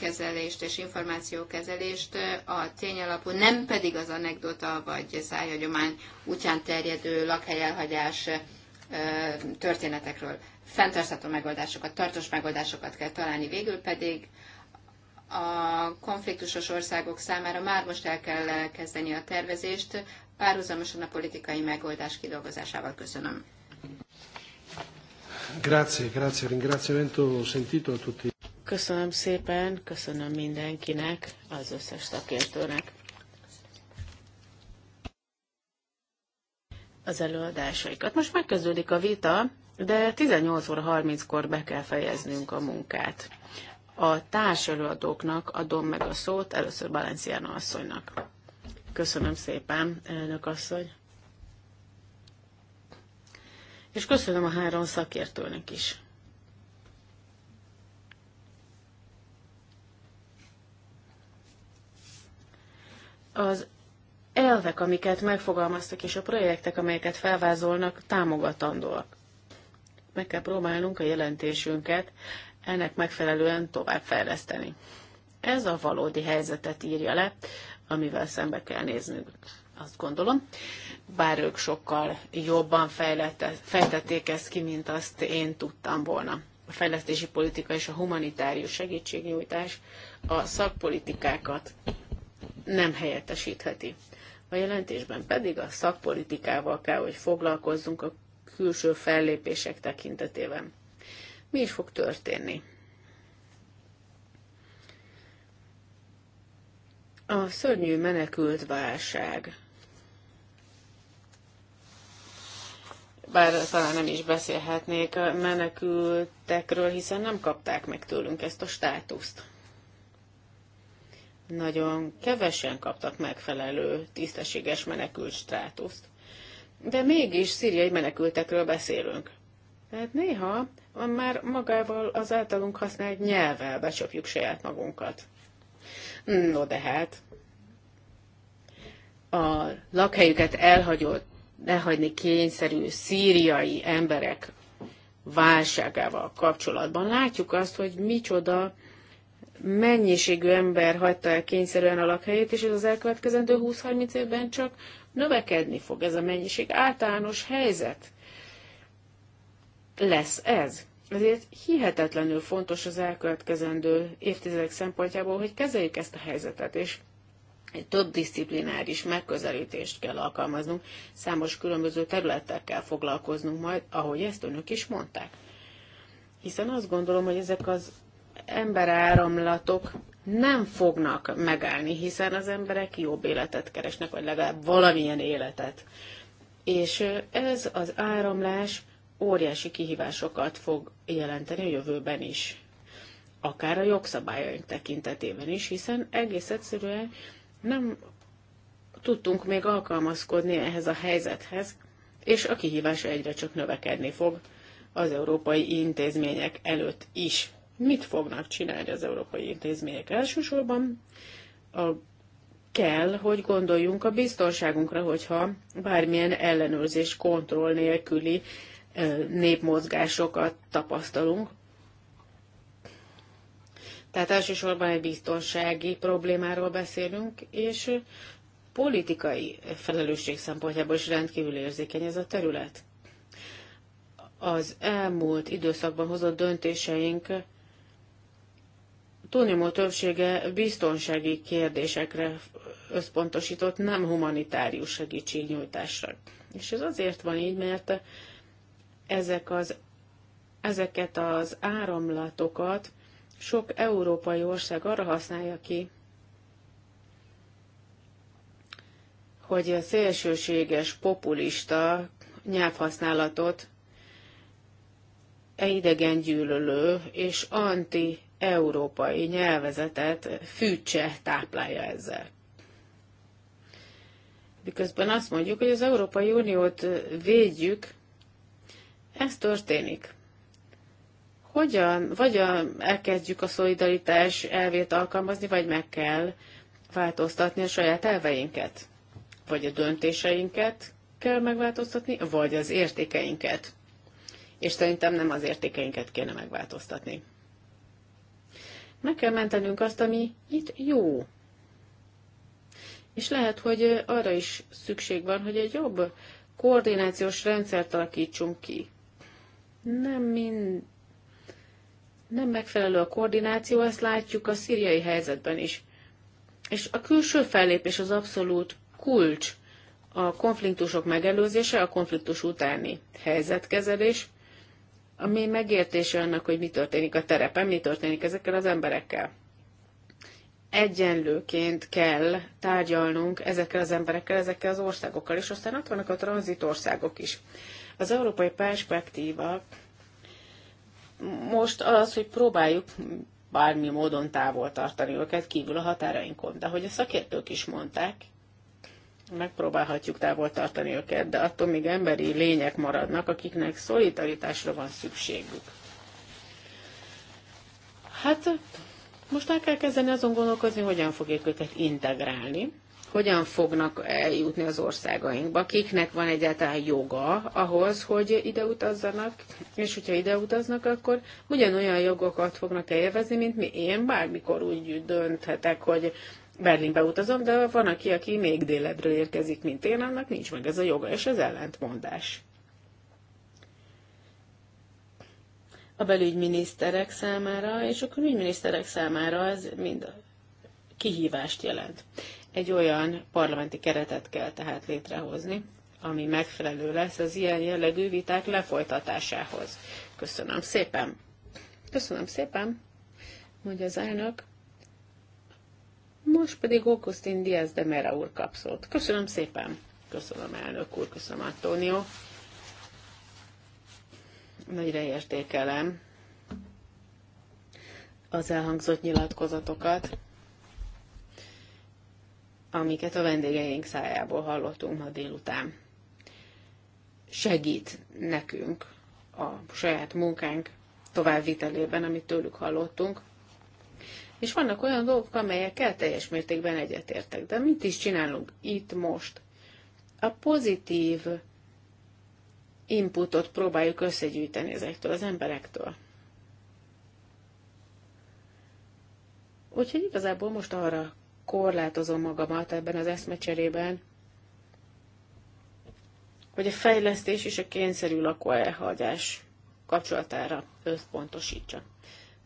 kezelést és információkezelést, a tényalapú, nem pedig az anekdota vagy szájhagyomány útján terjedő lakhelyelhagyás történetekről. Fentartható megoldásokat, tartós megoldásokat kell találni, végül pedig a konfliktusos országok számára már most el kell eh, kezdeni a tervezést, párhuzamosan a politikai megoldás kidolgozásával. Köszönöm. Grazie, grazie, ringraziamento sentito a tutti. Köszönöm szépen, köszönöm mindenkinek, az összes szakértőnek. az előadásaikat. Most megkezdődik a vita, de 18 óra 30-kor be kell fejeznünk a munkát. A társelőadóknak adom meg a szót, először Balenciano asszonynak. Köszönöm szépen, elnök asszony. És köszönöm a három szakértőnek is. Az elvek, amiket megfogalmaztak, és a projektek, amelyeket felvázolnak, támogatandóak. Meg kell próbálnunk a jelentésünket ennek megfelelően továbbfejleszteni. Ez a valódi helyzetet írja le, amivel szembe kell néznünk, azt gondolom. Bár ők sokkal jobban fejtették ezt ki, mint azt én tudtam volna. A fejlesztési politika és a humanitárius segítségnyújtás a szakpolitikákat nem helyettesítheti. A jelentésben pedig a szakpolitikával kell, hogy foglalkozzunk a külső fellépések tekintetében mi is fog történni. A szörnyű menekült válság. Bár talán nem is beszélhetnék a menekültekről, hiszen nem kapták meg tőlünk ezt a státuszt. Nagyon kevesen kaptak megfelelő tisztességes menekült státuszt. De mégis szíriai menekültekről beszélünk. Tehát néha már magával az általunk használt nyelvvel becsapjuk saját magunkat. No de hát, a lakhelyüket elhagyott, elhagyni kényszerű szíriai emberek válságával kapcsolatban látjuk azt, hogy micsoda mennyiségű ember hagyta el kényszerűen a lakhelyét, és ez az elkövetkezendő 20-30 évben csak növekedni fog ez a mennyiség. Általános helyzet lesz ez. Ezért hihetetlenül fontos az elkövetkezendő évtizedek szempontjából, hogy kezeljük ezt a helyzetet, és egy több disziplináris megközelítést kell alkalmaznunk, számos különböző területtel kell foglalkoznunk majd, ahogy ezt önök is mondták. Hiszen azt gondolom, hogy ezek az emberáramlatok nem fognak megállni, hiszen az emberek jobb életet keresnek, vagy legalább valamilyen életet. És ez az áramlás óriási kihívásokat fog jelenteni a jövőben is. Akár a jogszabályaink tekintetében is, hiszen egész egyszerűen nem tudtunk még alkalmazkodni ehhez a helyzethez, és a kihívás egyre csak növekedni fog az európai intézmények előtt is. Mit fognak csinálni az európai intézmények? Elsősorban a kell, hogy gondoljunk a biztonságunkra, hogyha bármilyen ellenőrzés, kontroll nélküli népmozgásokat tapasztalunk. Tehát elsősorban egy biztonsági problémáról beszélünk, és politikai felelősség szempontjából is rendkívül érzékeny ez a terület. Az elmúlt időszakban hozott döntéseink túlnyomó többsége biztonsági kérdésekre összpontosított, nem humanitárius segítségnyújtásra. És ez azért van így, mert ezek az, ezeket az áramlatokat sok európai ország arra használja ki, hogy a szélsőséges populista nyelvhasználatot e idegen gyűlölő és anti-európai nyelvezetet fűtse, táplálja ezzel. Miközben azt mondjuk, hogy az Európai Uniót védjük, ez történik. Hogyan, vagy a, elkezdjük a szolidaritás elvét alkalmazni, vagy meg kell változtatni a saját elveinket, vagy a döntéseinket kell megváltoztatni, vagy az értékeinket. És szerintem nem az értékeinket kéne megváltoztatni. Meg kell mentenünk azt, ami itt jó. És lehet, hogy arra is szükség van, hogy egy jobb koordinációs rendszert alakítsunk ki nem mind, nem megfelelő a koordináció, ezt látjuk a szíriai helyzetben is. És a külső fellépés az abszolút kulcs a konfliktusok megelőzése, a konfliktus utáni helyzetkezelés, ami megértése annak, hogy mi történik a terepen, mi történik ezekkel az emberekkel. Egyenlőként kell tárgyalnunk ezekkel az emberekkel, ezekkel az országokkal, és aztán ott vannak a tranzitországok is. Az európai perspektíva most az, hogy próbáljuk bármi módon távol tartani őket kívül a határainkon. De hogy a szakértők is mondták, megpróbálhatjuk távol tartani őket, de attól még emberi lények maradnak, akiknek szolidaritásra van szükségük. Hát most el kell kezdeni azon gondolkozni, hogyan fogjuk őket integrálni, hogyan fognak eljutni az országainkba, kiknek van egyáltalán joga ahhoz, hogy ide utazzanak, és hogyha ide utaznak, akkor ugyanolyan jogokat fognak élvezni, mint mi. Én bármikor úgy dönthetek, hogy Berlinbe utazom, de van aki, aki még délebről érkezik, mint én, annak nincs meg ez a joga, és ez ellentmondás. A belügyminiszterek számára és a külügyminiszterek számára ez mind kihívást jelent. Egy olyan parlamenti keretet kell tehát létrehozni, ami megfelelő lesz az ilyen jellegű viták lefolytatásához. Köszönöm szépen! Köszönöm szépen, mondja az elnök. Most pedig Augustin Diaz de Mera úr kap szót. Köszönöm szépen! Köszönöm, elnök úr, köszönöm, Antonio. Nagyra értékelem az elhangzott nyilatkozatokat amiket a vendégeink szájából hallottunk ma délután. Segít nekünk a saját munkánk továbbvitelében, amit tőlük hallottunk, és vannak olyan dolgok, amelyekkel teljes mértékben egyetértek. De mit is csinálunk itt most? A pozitív inputot próbáljuk összegyűjteni ezektől az emberektől. Úgyhogy igazából most arra korlátozom magamat ebben az eszmecserében, hogy a fejlesztés és a kényszerű lakóelhagyás kapcsolatára összpontosítsa.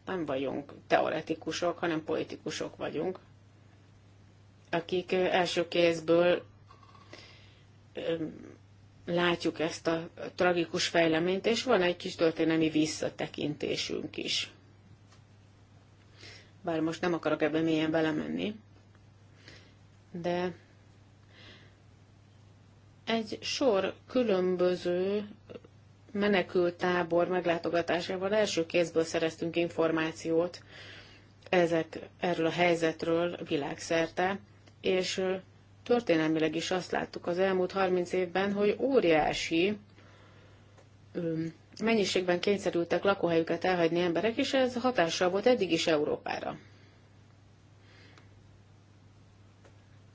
Nem vagyunk teoretikusok, hanem politikusok vagyunk, akik első kézből látjuk ezt a tragikus fejleményt, és van egy kis történelmi visszatekintésünk is. Bár most nem akarok ebben mélyen belemenni, de egy sor különböző menekült tábor meglátogatásával első kézből szereztünk információt ezek, erről a helyzetről világszerte, és történelmileg is azt láttuk az elmúlt 30 évben, hogy óriási mennyiségben kényszerültek lakóhelyüket elhagyni emberek, és ez hatással volt eddig is Európára.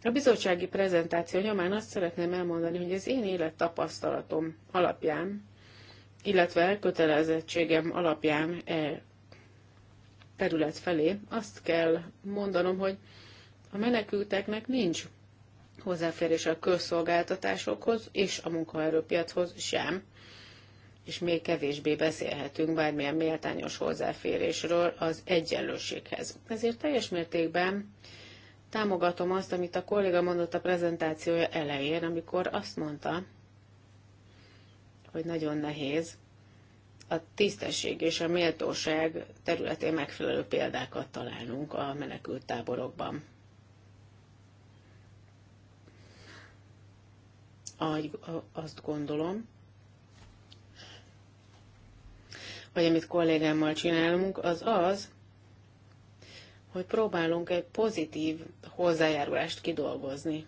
A bizottsági prezentáció nyomán azt szeretném elmondani, hogy az én élettapasztalatom alapján, illetve kötelezettségem alapján e terület felé azt kell mondanom, hogy a menekülteknek nincs hozzáférés a közszolgáltatásokhoz és a munkaerőpiachoz sem, és még kevésbé beszélhetünk bármilyen méltányos hozzáférésről az egyenlőséghez. Ezért teljes mértékben Támogatom azt, amit a kolléga mondott a prezentációja elején, amikor azt mondta, hogy nagyon nehéz a tisztesség és a méltóság területén megfelelő példákat találnunk a menekült táborokban. Ahogy azt gondolom, hogy amit kollégámmal csinálunk, az az, hogy próbálunk egy pozitív hozzájárulást kidolgozni.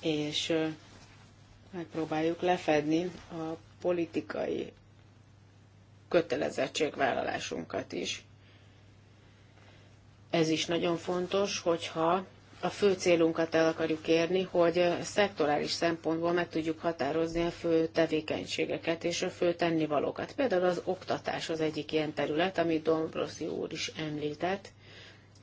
És megpróbáljuk lefedni a politikai kötelezettségvállalásunkat is. Ez is nagyon fontos, hogyha a fő célunkat el akarjuk érni, hogy szektorális szempontból meg tudjuk határozni a fő tevékenységeket és a fő tennivalókat. Például az oktatás az egyik ilyen terület, amit Dombroszi úr is említett,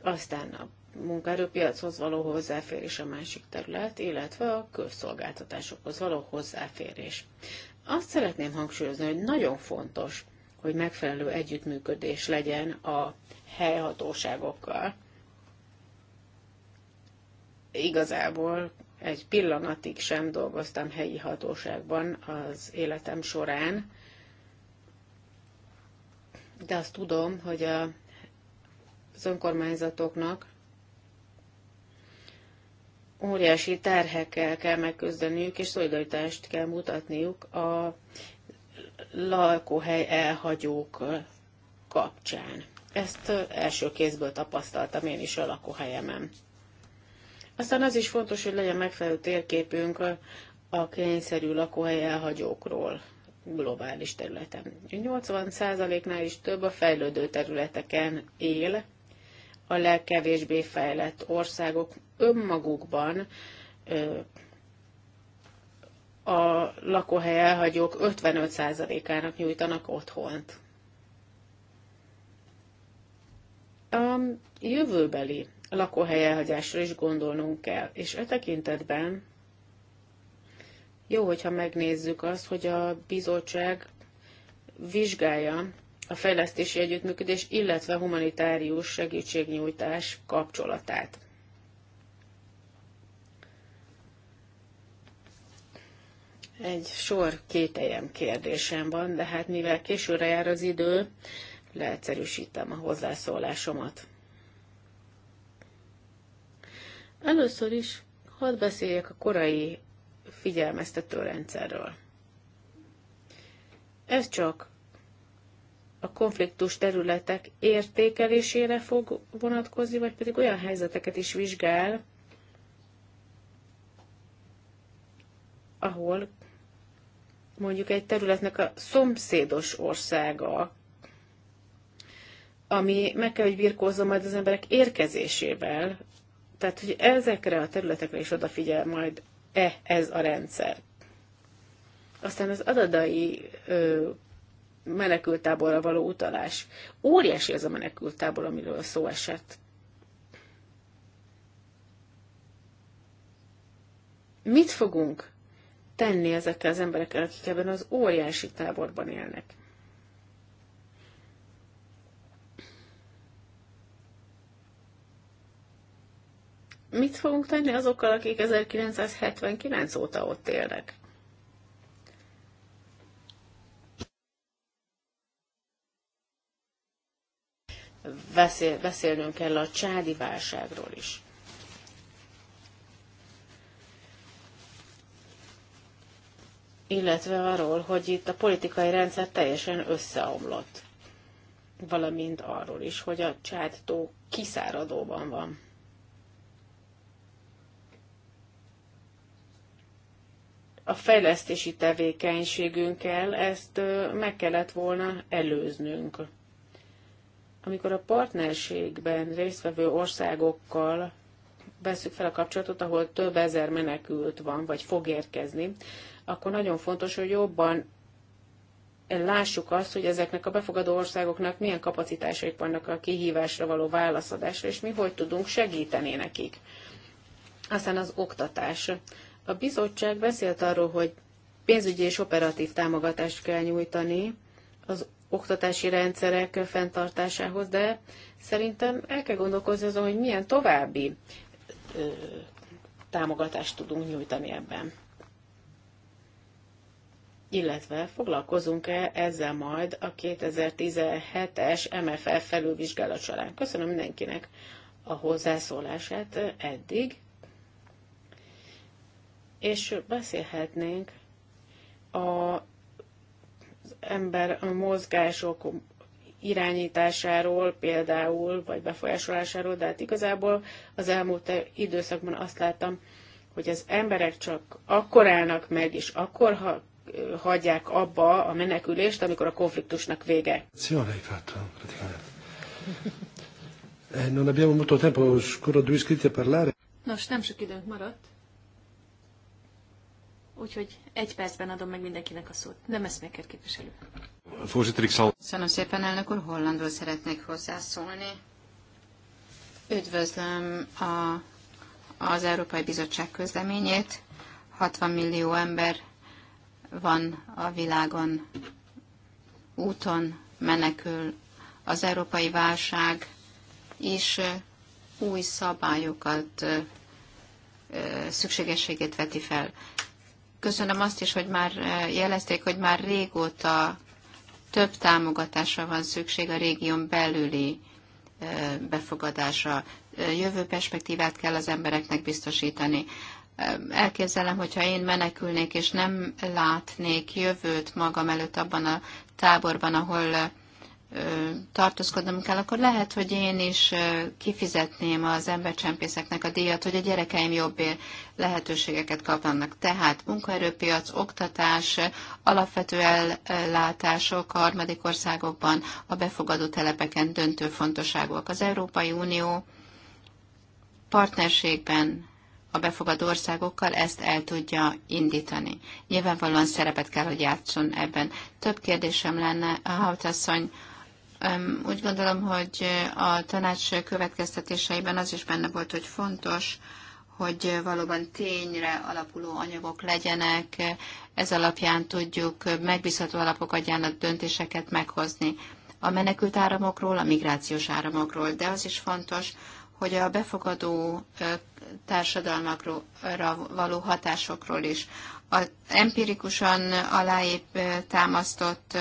aztán a munkaerőpiachoz való hozzáférés a másik terület, illetve a közszolgáltatásokhoz való hozzáférés. Azt szeretném hangsúlyozni, hogy nagyon fontos, hogy megfelelő együttműködés legyen a helyhatóságokkal, igazából egy pillanatig sem dolgoztam helyi hatóságban az életem során, de azt tudom, hogy a, az önkormányzatoknak óriási terhekkel kell megküzdeniük, és szolidaritást kell mutatniuk a lakóhely elhagyók kapcsán. Ezt első kézből tapasztaltam én is a lakóhelyemen. Aztán az is fontos, hogy legyen megfelelő térképünk a, a kényszerű lakóhely elhagyókról globális területen. 80%-nál is több a fejlődő területeken él, a legkevésbé fejlett országok önmagukban ö, a lakóhely elhagyók 55%-ának nyújtanak otthont. A jövőbeli lakóhely elhagyásra is gondolnunk kell. És e tekintetben jó, hogyha megnézzük azt, hogy a bizottság vizsgálja a fejlesztési együttműködés, illetve humanitárius segítségnyújtás kapcsolatát. Egy sor kételjem kérdésem van, de hát mivel későre jár az idő, leegyszerűsítem a hozzászólásomat. Először is hadd beszéljek a korai figyelmeztető rendszerről. Ez csak a konfliktus területek értékelésére fog vonatkozni, vagy pedig olyan helyzeteket is vizsgál, ahol mondjuk egy területnek a szomszédos országa, ami meg kell, hogy birkózza majd az emberek érkezésével, tehát, hogy ezekre a területekre is odafigyel majd e ez a rendszer. Aztán az adadai ö, menekültáborra való utalás. Óriási ez a menekültábor, amiről szó esett. Mit fogunk tenni ezekkel az emberekkel, akik ebben az óriási táborban élnek? mit fogunk tenni azokkal, akik 1979 óta ott élnek? Beszél, beszélnünk kell a csádi válságról is. Illetve arról, hogy itt a politikai rendszer teljesen összeomlott. Valamint arról is, hogy a csádtó kiszáradóban van. a fejlesztési tevékenységünkkel ezt meg kellett volna előznünk. Amikor a partnerségben résztvevő országokkal veszük fel a kapcsolatot, ahol több ezer menekült van, vagy fog érkezni, akkor nagyon fontos, hogy jobban lássuk azt, hogy ezeknek a befogadó országoknak milyen kapacitásaik vannak a kihívásra való válaszadásra, és mi hogy tudunk segíteni nekik. Aztán az oktatás. A bizottság beszélt arról, hogy pénzügyi és operatív támogatást kell nyújtani az oktatási rendszerek fenntartásához, de szerintem el kell gondolkozni azon, hogy milyen további ö, támogatást tudunk nyújtani ebben. Illetve foglalkozunk-e ezzel majd a 2017-es MFF felülvizsgálat során. Köszönöm mindenkinek a hozzászólását eddig és beszélhetnénk a, az ember a mozgások irányításáról például, vagy befolyásolásáról, de hát igazából az elmúlt időszakban azt láttam, hogy az emberek csak akkor állnak meg, és akkor ha, hagyják abba a menekülést, amikor a konfliktusnak vége. lei eh, Non abbiamo molto tempo, parlare. Nos, nem sok időnk maradt. Úgyhogy egy percben adom meg mindenkinek a szót. Nem eszméket képviselő. Köszönöm szépen, elnök úr. Hollandul szeretnék hozzászólni. Üdvözlöm a, az Európai Bizottság közleményét. 60 millió ember van a világon úton menekül. Az európai válság és új szabályokat szükségességét veti fel. Köszönöm azt is, hogy már eh, jelezték, hogy már régóta több támogatásra van szükség a régión belüli eh, befogadásra. Eh, jövő perspektívát kell az embereknek biztosítani. Elképzelem, hogyha én menekülnék és nem látnék jövőt magam előtt abban a táborban, ahol tartózkodnom kell, akkor lehet, hogy én is kifizetném az embercsempészeknek a díjat, hogy a gyerekeim jobb lehetőségeket kapnak. Tehát munkaerőpiac, oktatás, alapvető ellátások a harmadik országokban, a befogadó telepeken döntő fontosságúak. Az Európai Unió partnerségben a befogadó országokkal ezt el tudja indítani. Nyilvánvalóan szerepet kell, hogy játszon ebben. Több kérdésem lenne, a hautasszony, úgy gondolom, hogy a tanács következtetéseiben az is benne volt, hogy fontos, hogy valóban tényre alapuló anyagok legyenek, ez alapján tudjuk megbízható alapok adjának döntéseket meghozni a menekült áramokról, a migrációs áramokról, de az is fontos, hogy a befogadó társadalmakra való hatásokról is. A empirikusan aláép támasztott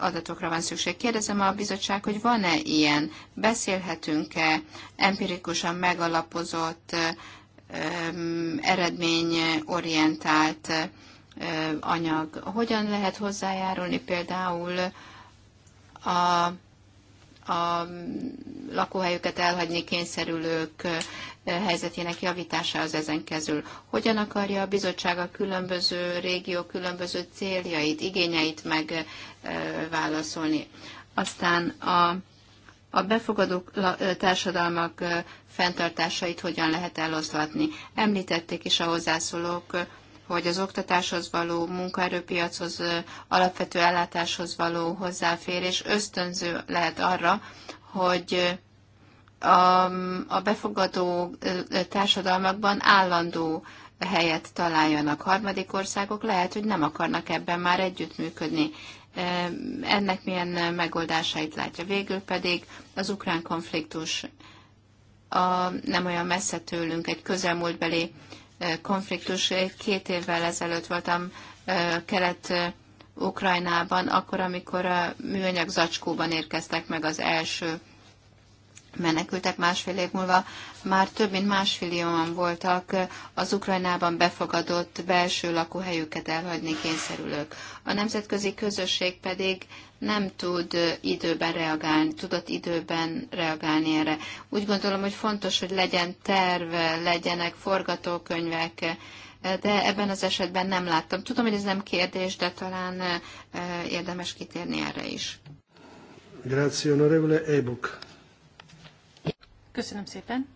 adatokra van szükség. Kérdezem a bizottság, hogy van-e ilyen, beszélhetünk-e empirikusan megalapozott, eredményorientált anyag. Hogyan lehet hozzájárulni például a, a lakóhelyüket elhagyni kényszerülők helyzetének javítása az ezen kezül. Hogyan akarja a bizottság a különböző régió különböző céljait, igényeit megválaszolni? Aztán a, a befogadó társadalmak fenntartásait hogyan lehet eloszlatni? Említették is a hozzászólók, hogy az oktatáshoz való, munkaerőpiachoz, alapvető ellátáshoz való hozzáférés ösztönző lehet arra, hogy a, um, a befogadó társadalmakban állandó helyet találjanak harmadik országok, lehet, hogy nem akarnak ebben már együttműködni. Ennek milyen megoldásait látja végül pedig az ukrán konfliktus a, nem olyan messze tőlünk, egy közelmúltbeli konfliktus. Két évvel ezelőtt voltam kelet Ukrajnában, akkor, amikor a műanyag zacskóban érkeztek meg az első menekültek másfél év múlva, már több mint másfillióan voltak az Ukrajnában befogadott belső lakóhelyüket elhagyni kényszerülők. A nemzetközi közösség pedig nem tud időben reagálni, tudott időben reagálni erre. Úgy gondolom, hogy fontos, hogy legyen terv, legyenek forgatókönyvek, de ebben az esetben nem láttam. Tudom, hogy ez nem kérdés, de talán érdemes kitérni erre is. Grazie, onorevole Ebuk. Köszönöm szépen.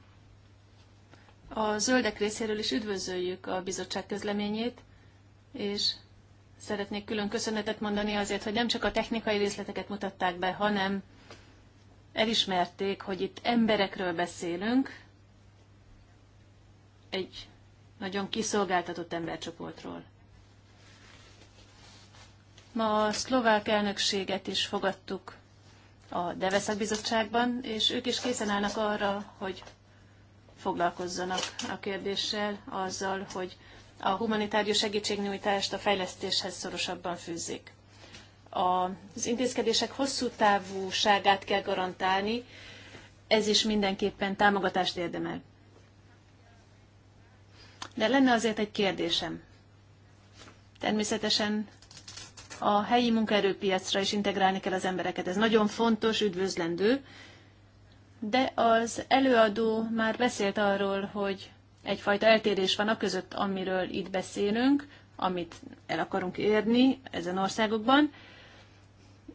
A zöldek részéről is üdvözöljük a bizottság közleményét, és szeretnék külön köszönetet mondani azért, hogy nem csak a technikai részleteket mutatták be, hanem elismerték, hogy itt emberekről beszélünk, egy nagyon kiszolgáltatott embercsoportról. Ma a szlovák elnökséget is fogadtuk a Deveszak Bizottságban, és ők is készen állnak arra, hogy foglalkozzanak a kérdéssel, azzal, hogy a humanitárius segítségnyújtást a fejlesztéshez szorosabban fűzik. Az intézkedések hosszú távúságát kell garantálni, ez is mindenképpen támogatást érdemel. De lenne azért egy kérdésem. Természetesen a helyi munkaerőpiacra is integrálni kell az embereket. Ez nagyon fontos, üdvözlendő. De az előadó már beszélt arról, hogy egyfajta eltérés van a között, amiről itt beszélünk, amit el akarunk érni ezen országokban,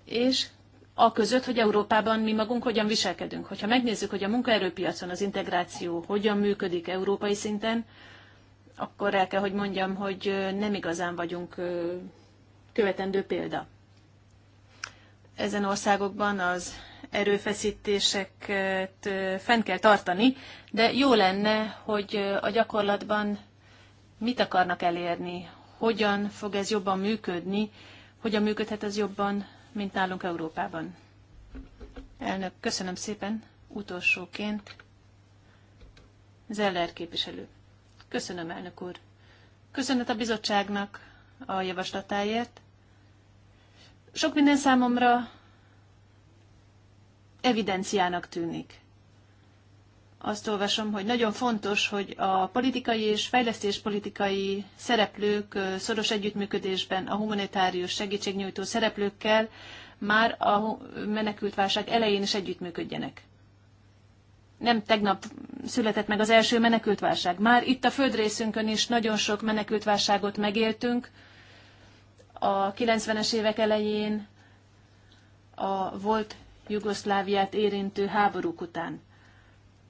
és a között, hogy Európában mi magunk hogyan viselkedünk. Hogyha megnézzük, hogy a munkaerőpiacon az integráció hogyan működik európai szinten, akkor el kell, hogy mondjam, hogy nem igazán vagyunk követendő példa. Ezen országokban az erőfeszítéseket fenn kell tartani, de jó lenne, hogy a gyakorlatban mit akarnak elérni, hogyan fog ez jobban működni, hogyan működhet ez jobban, mint nálunk Európában. Elnök, köszönöm szépen. Utolsóként Zeller képviselő. Köszönöm, elnök úr. Köszönet a bizottságnak a javaslatáért. Sok minden számomra evidenciának tűnik. Azt olvasom, hogy nagyon fontos, hogy a politikai és fejlesztéspolitikai szereplők szoros együttműködésben a humanitárius segítségnyújtó szereplőkkel már a menekültválság elején is együttműködjenek nem tegnap született meg az első menekültválság. Már itt a földrészünkön is nagyon sok menekültválságot megéltünk. A 90-es évek elején a volt Jugoszláviát érintő háborúk után.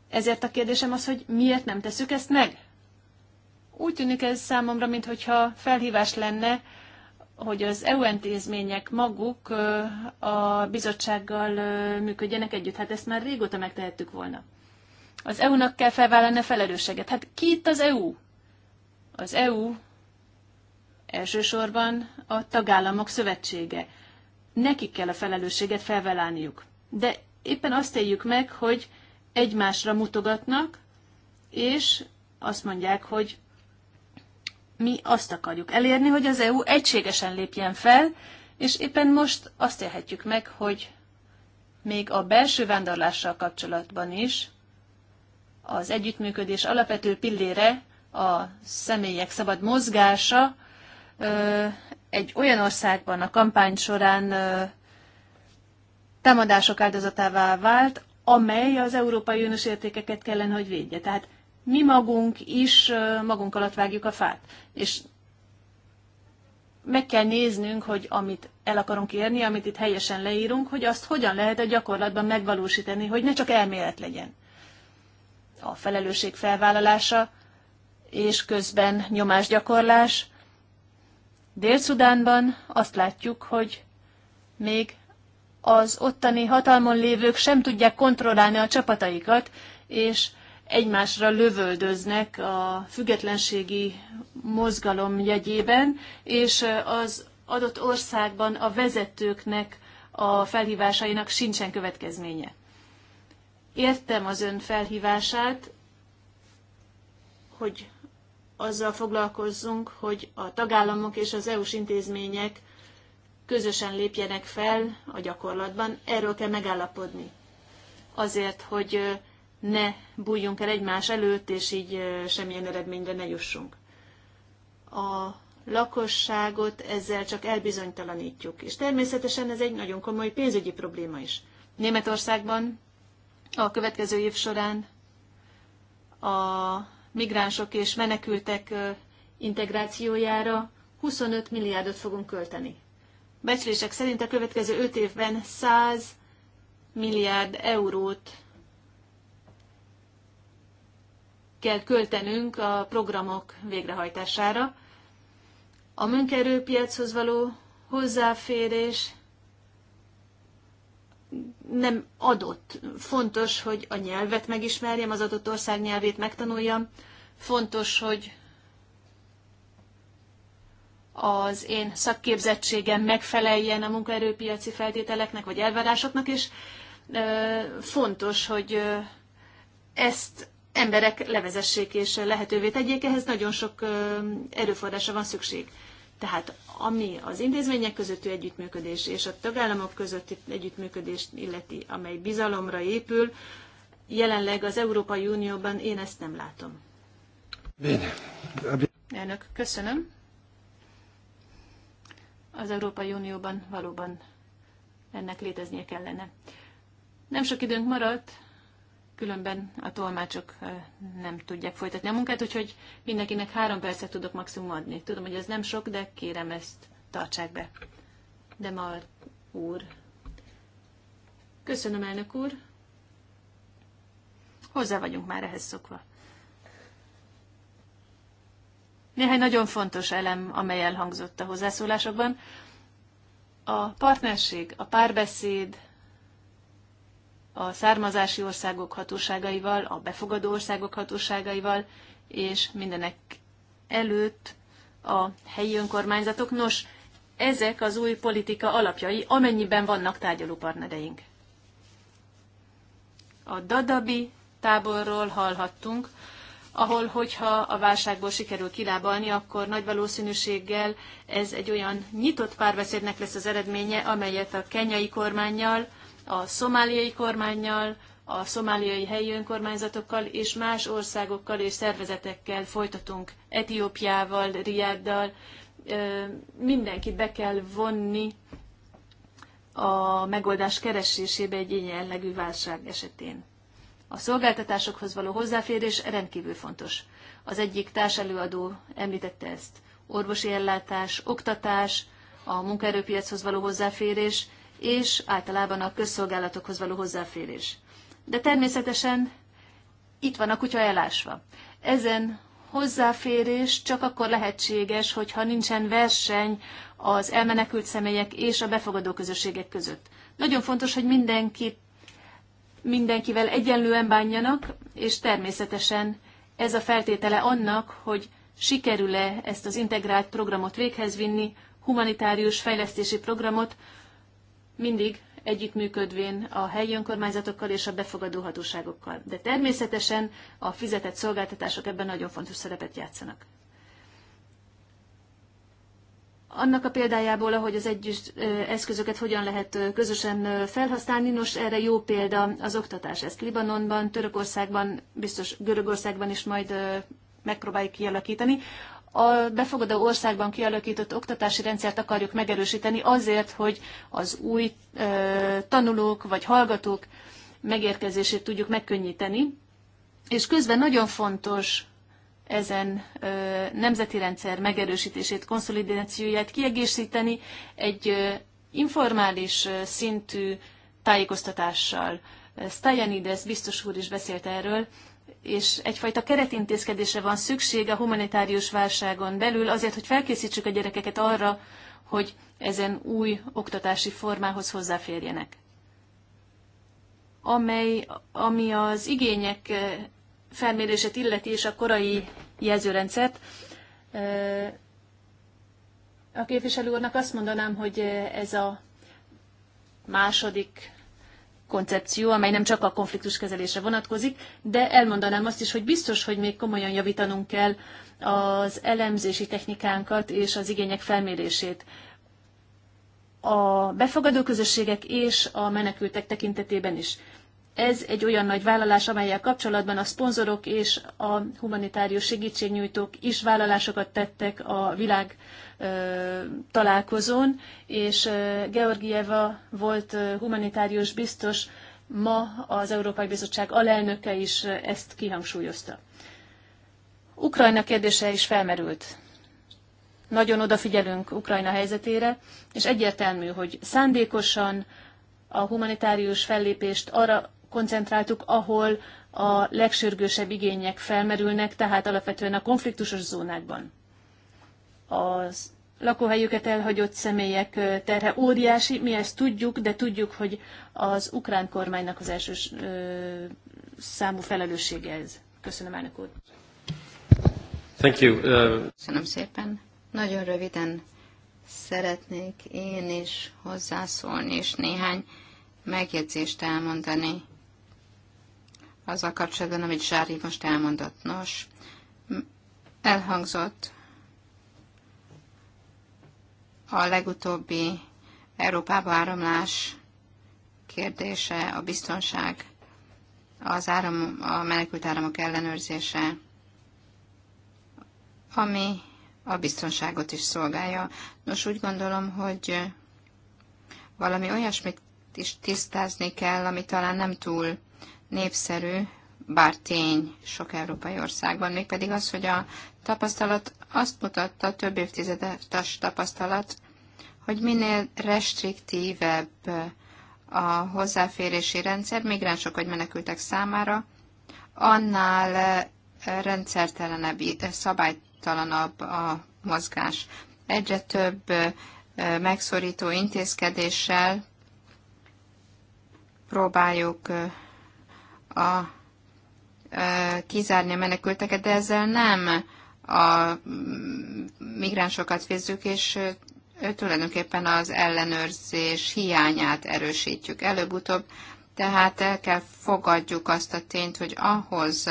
Ezért a kérdésem az, hogy miért nem teszük ezt meg? Úgy tűnik ez számomra, mintha felhívás lenne, hogy az EU intézmények maguk a bizottsággal működjenek együtt. Hát ezt már régóta megtehettük volna. Az EU-nak kell felvállalni a felelősséget. Hát ki itt az EU? Az EU elsősorban a tagállamok szövetsége. Nekik kell a felelősséget felvállalniuk. De éppen azt éljük meg, hogy egymásra mutogatnak, és azt mondják, hogy mi azt akarjuk elérni, hogy az EU egységesen lépjen fel, és éppen most azt élhetjük meg, hogy még a belső vándorlással kapcsolatban is az együttműködés alapvető pillére, a személyek szabad mozgása egy olyan országban a kampány során támadások áldozatává vált, amely az európai önös értékeket kellene, hogy védje. Tehát mi magunk is magunk alatt vágjuk a fát. És meg kell néznünk, hogy amit el akarunk érni, amit itt helyesen leírunk, hogy azt hogyan lehet a gyakorlatban megvalósítani, hogy ne csak elmélet legyen a felelősség felvállalása és közben nyomásgyakorlás. Dél-Szudánban azt látjuk, hogy még az ottani hatalmon lévők sem tudják kontrollálni a csapataikat, és egymásra lövöldöznek a függetlenségi mozgalom jegyében, és az adott országban a vezetőknek a felhívásainak sincsen következménye. Értem az ön felhívását, hogy azzal foglalkozzunk, hogy a tagállamok és az EU-s intézmények közösen lépjenek fel a gyakorlatban. Erről kell megállapodni. Azért, hogy ne bújjunk el egymás előtt, és így semmilyen eredményre ne jussunk. A lakosságot ezzel csak elbizonytalanítjuk. És természetesen ez egy nagyon komoly pénzügyi probléma is. Németországban a következő év során a migránsok és menekültek integrációjára 25 milliárdot fogunk költeni. Becslések szerint a következő 5 évben 100 milliárd eurót kell költenünk a programok végrehajtására. A munkaerőpiachoz való hozzáférés nem adott. Fontos, hogy a nyelvet megismerjem, az adott ország nyelvét megtanuljam. Fontos, hogy az én szakképzettségem megfeleljen a munkaerőpiaci feltételeknek vagy elvárásoknak, és fontos, hogy ezt emberek levezessék és lehetővé tegyék. Ehhez nagyon sok erőforrása van szükség. Tehát ami az intézmények közötti együttműködés és a tagállamok közötti együttműködést illeti, amely bizalomra épül, jelenleg az Európai Unióban én ezt nem látom. Elnök, köszönöm. Az Európai Unióban valóban ennek léteznie kellene. Nem sok időnk maradt, különben a tolmácsok nem tudják folytatni a munkát, úgyhogy mindenkinek három percet tudok maximum adni. Tudom, hogy ez nem sok, de kérem ezt tartsák be. De ma úr. Köszönöm, elnök úr. Hozzá vagyunk már ehhez szokva. Néhány nagyon fontos elem, amely elhangzott a hozzászólásokban. A partnerség, a párbeszéd, a származási országok hatóságaival, a befogadó országok hatóságaival, és mindenek előtt a helyi önkormányzatok. Nos, ezek az új politika alapjai, amennyiben vannak tárgyalópartnereink. A Dadabi táborról hallhattunk, ahol, hogyha a válságból sikerül kilábalni, akkor nagy valószínűséggel ez egy olyan nyitott párbeszédnek lesz az eredménye, amelyet a kenyai kormányjal, a szomáliai kormányjal, a szomáliai helyi önkormányzatokkal és más országokkal és szervezetekkel folytatunk, Etiópiával, Riaddal. Mindenkit be kell vonni a megoldás keresésébe egy ilyen jellegű válság esetén. A szolgáltatásokhoz való hozzáférés rendkívül fontos. Az egyik társelőadó említette ezt. Orvosi ellátás, oktatás, a munkaerőpiachoz való hozzáférés, és általában a közszolgálatokhoz való hozzáférés. De természetesen itt van a kutya elásva. Ezen hozzáférés csak akkor lehetséges, hogyha nincsen verseny az elmenekült személyek és a befogadó közösségek között. Nagyon fontos, hogy mindenki mindenkivel egyenlően bánjanak, és természetesen ez a feltétele annak, hogy sikerül-e ezt az integrált programot véghez vinni, humanitárius fejlesztési programot, mindig együttműködvén a helyi önkormányzatokkal és a befogadó hatóságokkal. De természetesen a fizetett szolgáltatások ebben nagyon fontos szerepet játszanak. Annak a példájából, ahogy az együtt eszközöket hogyan lehet közösen felhasználni, nos erre jó példa az oktatás. Ezt Libanonban, Törökországban, biztos Görögországban is majd megpróbáljuk kialakítani a befogadó országban kialakított oktatási rendszert akarjuk megerősíteni azért, hogy az új tanulók vagy hallgatók megérkezését tudjuk megkönnyíteni. És közben nagyon fontos ezen ö, nemzeti rendszer megerősítését, konszolidációját kiegészíteni egy ö, informális ö, szintű tájékoztatással. Stajanides biztos úr is beszélt erről, és egyfajta keretintézkedésre van szükség a humanitárius válságon belül, azért, hogy felkészítsük a gyerekeket arra, hogy ezen új oktatási formához hozzáférjenek. Amely, ami az igények eh, felmérését illeti, és a korai jelzőrendszert, eh, a képviselő úrnak azt mondanám, hogy eh, ez a második koncepció, amely nem csak a konfliktuskezelésre vonatkozik, de elmondanám azt is, hogy biztos, hogy még komolyan javítanunk kell az elemzési technikánkat és az igények felmérését. A befogadó közösségek és a menekültek tekintetében is. Ez egy olyan nagy vállalás, amelyel kapcsolatban a szponzorok és a humanitárius segítségnyújtók is vállalásokat tettek a világ találkozón, és Georgieva volt humanitárius biztos, ma az Európai Bizottság alelnöke is ezt kihangsúlyozta. Ukrajna kérdése is felmerült. Nagyon odafigyelünk Ukrajna helyzetére, és egyértelmű, hogy szándékosan a humanitárius fellépést arra koncentráltuk, ahol a legsürgősebb igények felmerülnek, tehát alapvetően a konfliktusos zónákban az lakóhelyüket elhagyott személyek terhe óriási, mi ezt tudjuk, de tudjuk, hogy az ukrán kormánynak az első számú felelőssége ez. Köszönöm, elnök úr. Thank you. Uh... Köszönöm szépen. Nagyon röviden szeretnék én is hozzászólni, és néhány megjegyzést elmondani a kapcsolatban, amit Zsári most elmondott. Nos, elhangzott, a legutóbbi Európába áramlás kérdése, a biztonság, az áram, a menekült áramok ellenőrzése, ami a biztonságot is szolgálja. Nos, úgy gondolom, hogy valami olyasmit is tisztázni kell, ami talán nem túl népszerű, bár tény sok európai országban, mégpedig az, hogy a tapasztalat azt mutatta, több évtizedes tapasztalat, hogy minél restriktívebb a hozzáférési rendszer migránsok vagy menekültek számára, annál eh, rendszertelenebb, eh, szabálytalanabb a mozgás. Egyre több eh, megszorító intézkedéssel próbáljuk a, a kizárni a menekülteket, de ezzel nem a mm, migránsokat fizzük, és tulajdonképpen az ellenőrzés hiányát erősítjük előbb-utóbb, tehát el kell fogadjuk azt a tényt, hogy ahhoz,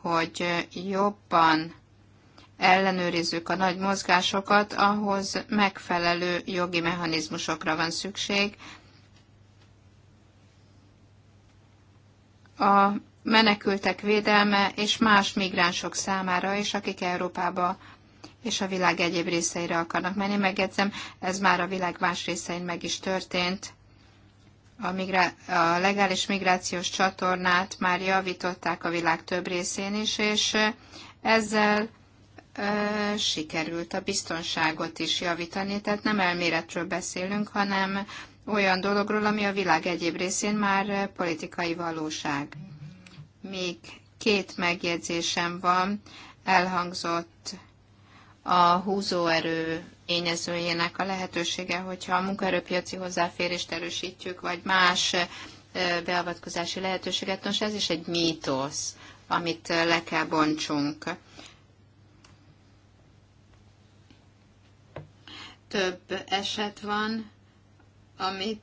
hogy jobban ellenőrizzük a nagy mozgásokat, ahhoz megfelelő jogi mechanizmusokra van szükség. A menekültek védelme és más migránsok számára is, akik Európába és a világ egyéb részeire akarnak menni. Megjegyzem, ez már a világ más részein meg is történt. A, migrá- a legális migrációs csatornát már javították a világ több részén is, és ezzel e, sikerült a biztonságot is javítani. Tehát nem elméletről beszélünk, hanem olyan dologról, ami a világ egyéb részén már politikai valóság még két megjegyzésem van, elhangzott a húzóerő ényezőjének a lehetősége, hogyha a munkaerőpiaci hozzáférést erősítjük, vagy más beavatkozási lehetőséget. Nos, ez is egy mítosz, amit le kell bontsunk. Több eset van, amit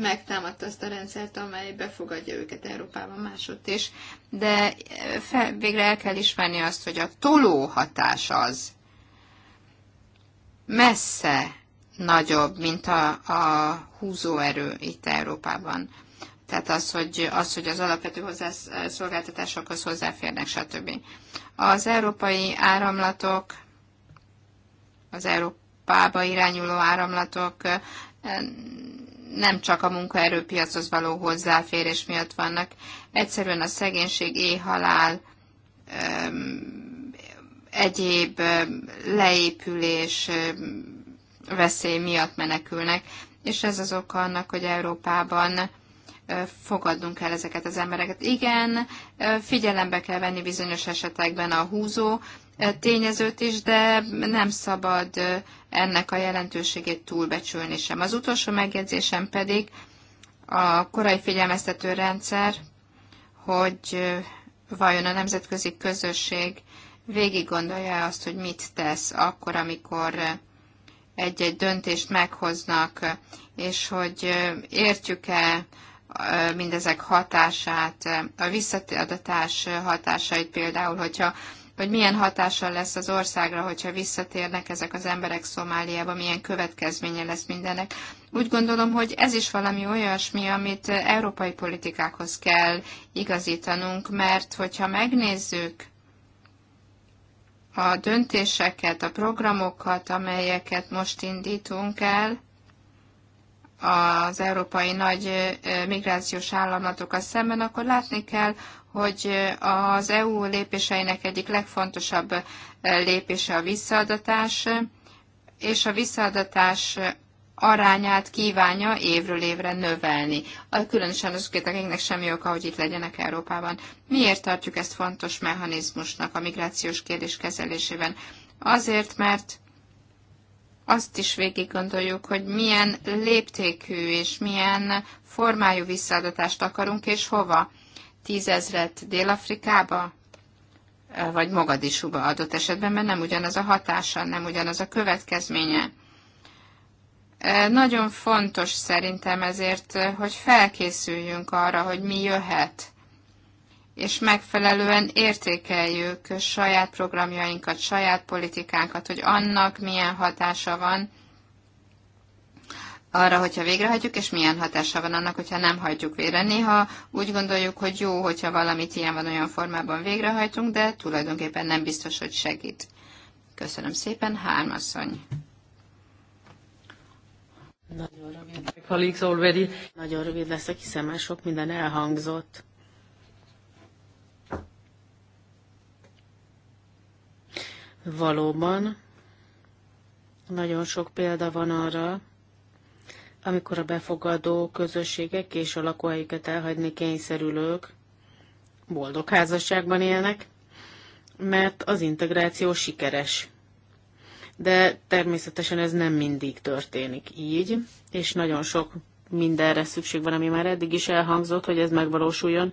megtámadta azt a rendszert, amely befogadja őket Európában másodt is. De eh, fel, végre el kell ismerni azt, hogy a toló hatás az messze nagyobb, mint a, a húzóerő itt Európában. Tehát az, hogy az, hogy az alapvető hozzászolgáltatásokhoz hozzáférnek, stb. Az európai áramlatok, az Európába irányuló áramlatok eh, nem csak a munkaerőpiachoz való hozzáférés miatt vannak, egyszerűen a szegénység, éhhalál, egyéb leépülés veszély miatt menekülnek, és ez az oka annak, hogy Európában fogadnunk kell ezeket az embereket. Igen, figyelembe kell venni bizonyos esetekben a húzó E, tényezőt is, de nem szabad e, ennek a jelentőségét túlbecsülni sem. Az utolsó megjegyzésem pedig a korai figyelmeztető rendszer, hogy e, vajon a nemzetközi közösség végig gondolja azt, hogy mit tesz akkor, amikor egy-egy döntést meghoznak, és hogy értjük-e mindezek hatását, a visszatadatás hatásait például, hogyha hogy milyen hatással lesz az országra, hogyha visszatérnek ezek az emberek Szomáliába, milyen következménye lesz mindennek. Úgy gondolom, hogy ez is valami olyasmi, amit európai politikákhoz kell igazítanunk, mert hogyha megnézzük a döntéseket, a programokat, amelyeket most indítunk el, az európai nagy migrációs államatokkal szemben, akkor látni kell, hogy az EU lépéseinek egyik legfontosabb lépése a visszaadatás, és a visszaadatás arányát kívánja évről évre növelni. Különösen azokért, akiknek semmi oka, hogy itt legyenek Európában. Miért tartjuk ezt fontos mechanizmusnak a migrációs kérdés kezelésében? Azért, mert azt is végig gondoljuk, hogy milyen léptékű és milyen formájú visszaadatást akarunk, és hova. Tízezret Dél-Afrikába, e, vagy Mogadisúba adott esetben, mert nem ugyanaz a hatása, nem ugyanaz a következménye. E, nagyon fontos szerintem ezért, e, hogy felkészüljünk arra, hogy mi jöhet – és megfelelően értékeljük saját programjainkat, saját politikánkat, hogy annak milyen hatása van arra, hogyha végrehajtjuk, és milyen hatása van annak, hogyha nem hajtjuk végre. Néha úgy gondoljuk, hogy jó, hogyha valamit ilyen van olyan formában végrehajtunk, de tulajdonképpen nem biztos, hogy segít. Köszönöm szépen, hármasszony. Nagyon rövid. Nagyon rövid leszek, hiszen már sok minden elhangzott. Valóban nagyon sok példa van arra, amikor a befogadó közösségek és a lakóhelyüket elhagyni kényszerülők boldog házasságban élnek, mert az integráció sikeres. De természetesen ez nem mindig történik így, és nagyon sok mindenre szükség van, ami már eddig is elhangzott, hogy ez megvalósuljon,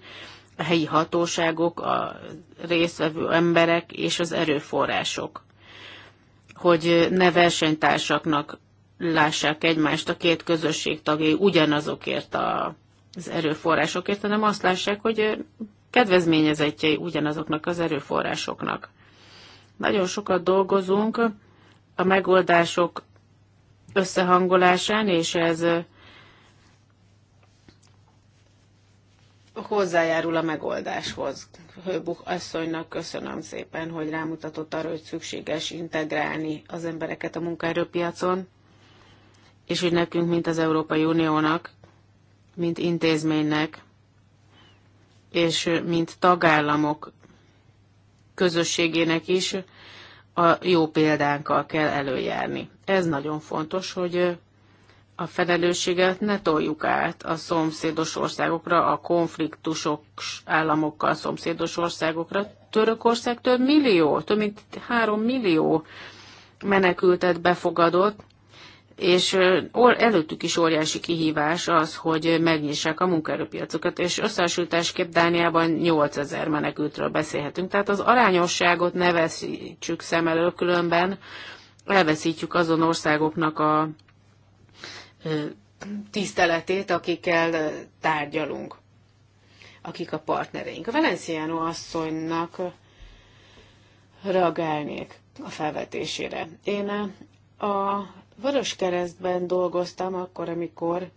a helyi hatóságok, a résztvevő emberek és az erőforrások, hogy ne versenytársaknak lássák egymást a két közösség tagjai ugyanazokért a, az erőforrásokért, hanem azt lássák, hogy kedvezményezettjei ugyanazoknak az erőforrásoknak. Nagyon sokat dolgozunk a megoldások összehangolásán, és ez hozzájárul a megoldáshoz. Hőbuk asszonynak köszönöm szépen, hogy rámutatott arra, hogy szükséges integrálni az embereket a munkaerőpiacon, és hogy nekünk, mint az Európai Uniónak, mint intézménynek, és mint tagállamok közösségének is a jó példánkkal kell előjárni. Ez nagyon fontos, hogy a felelősséget ne toljuk át a szomszédos országokra, a konfliktusok államokkal szomszédos országokra. Törökország több millió, több mint három millió menekültet befogadott, és előttük is óriási kihívás az, hogy megnyissák a munkaerőpiacokat, és összehasonlításképp Dániában 8000 menekültről beszélhetünk. Tehát az arányosságot ne veszítsük szem elől, különben elveszítjük azon országoknak a tiszteletét, akikkel tárgyalunk, akik a partnereink. A Valenciano asszonynak reagálnék a felvetésére. Én a Vöröskeresztben dolgoztam akkor, amikor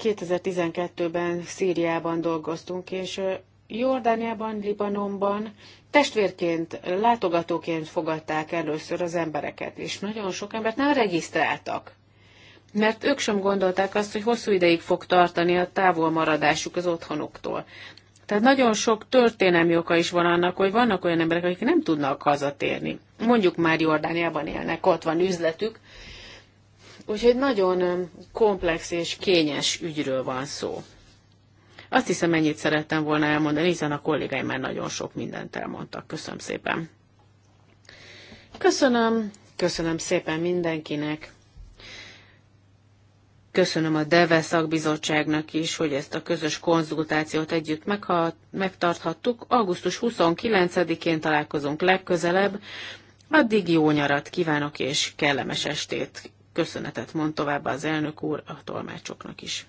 2012-ben Szíriában dolgoztunk, és Jordániában, Libanonban testvérként, látogatóként fogadták először az embereket, és nagyon sok embert nem regisztráltak mert ők sem gondolták azt, hogy hosszú ideig fog tartani a távolmaradásuk az otthonuktól. Tehát nagyon sok történelmi oka is van annak, hogy vannak olyan emberek, akik nem tudnak hazatérni. Mondjuk már Jordániában élnek, ott van üzletük. Úgyhogy nagyon komplex és kényes ügyről van szó. Azt hiszem, ennyit szerettem volna elmondani, hiszen a kollégáim már nagyon sok mindent elmondtak. Köszönöm szépen. Köszönöm, köszönöm szépen mindenkinek. Köszönöm a DEVE szakbizottságnak is, hogy ezt a közös konzultációt együtt megtarthattuk. Augusztus 29-én találkozunk legközelebb. Addig jó nyarat kívánok és kellemes estét. Köszönetet mond tovább az elnök úr a tolmácsoknak is.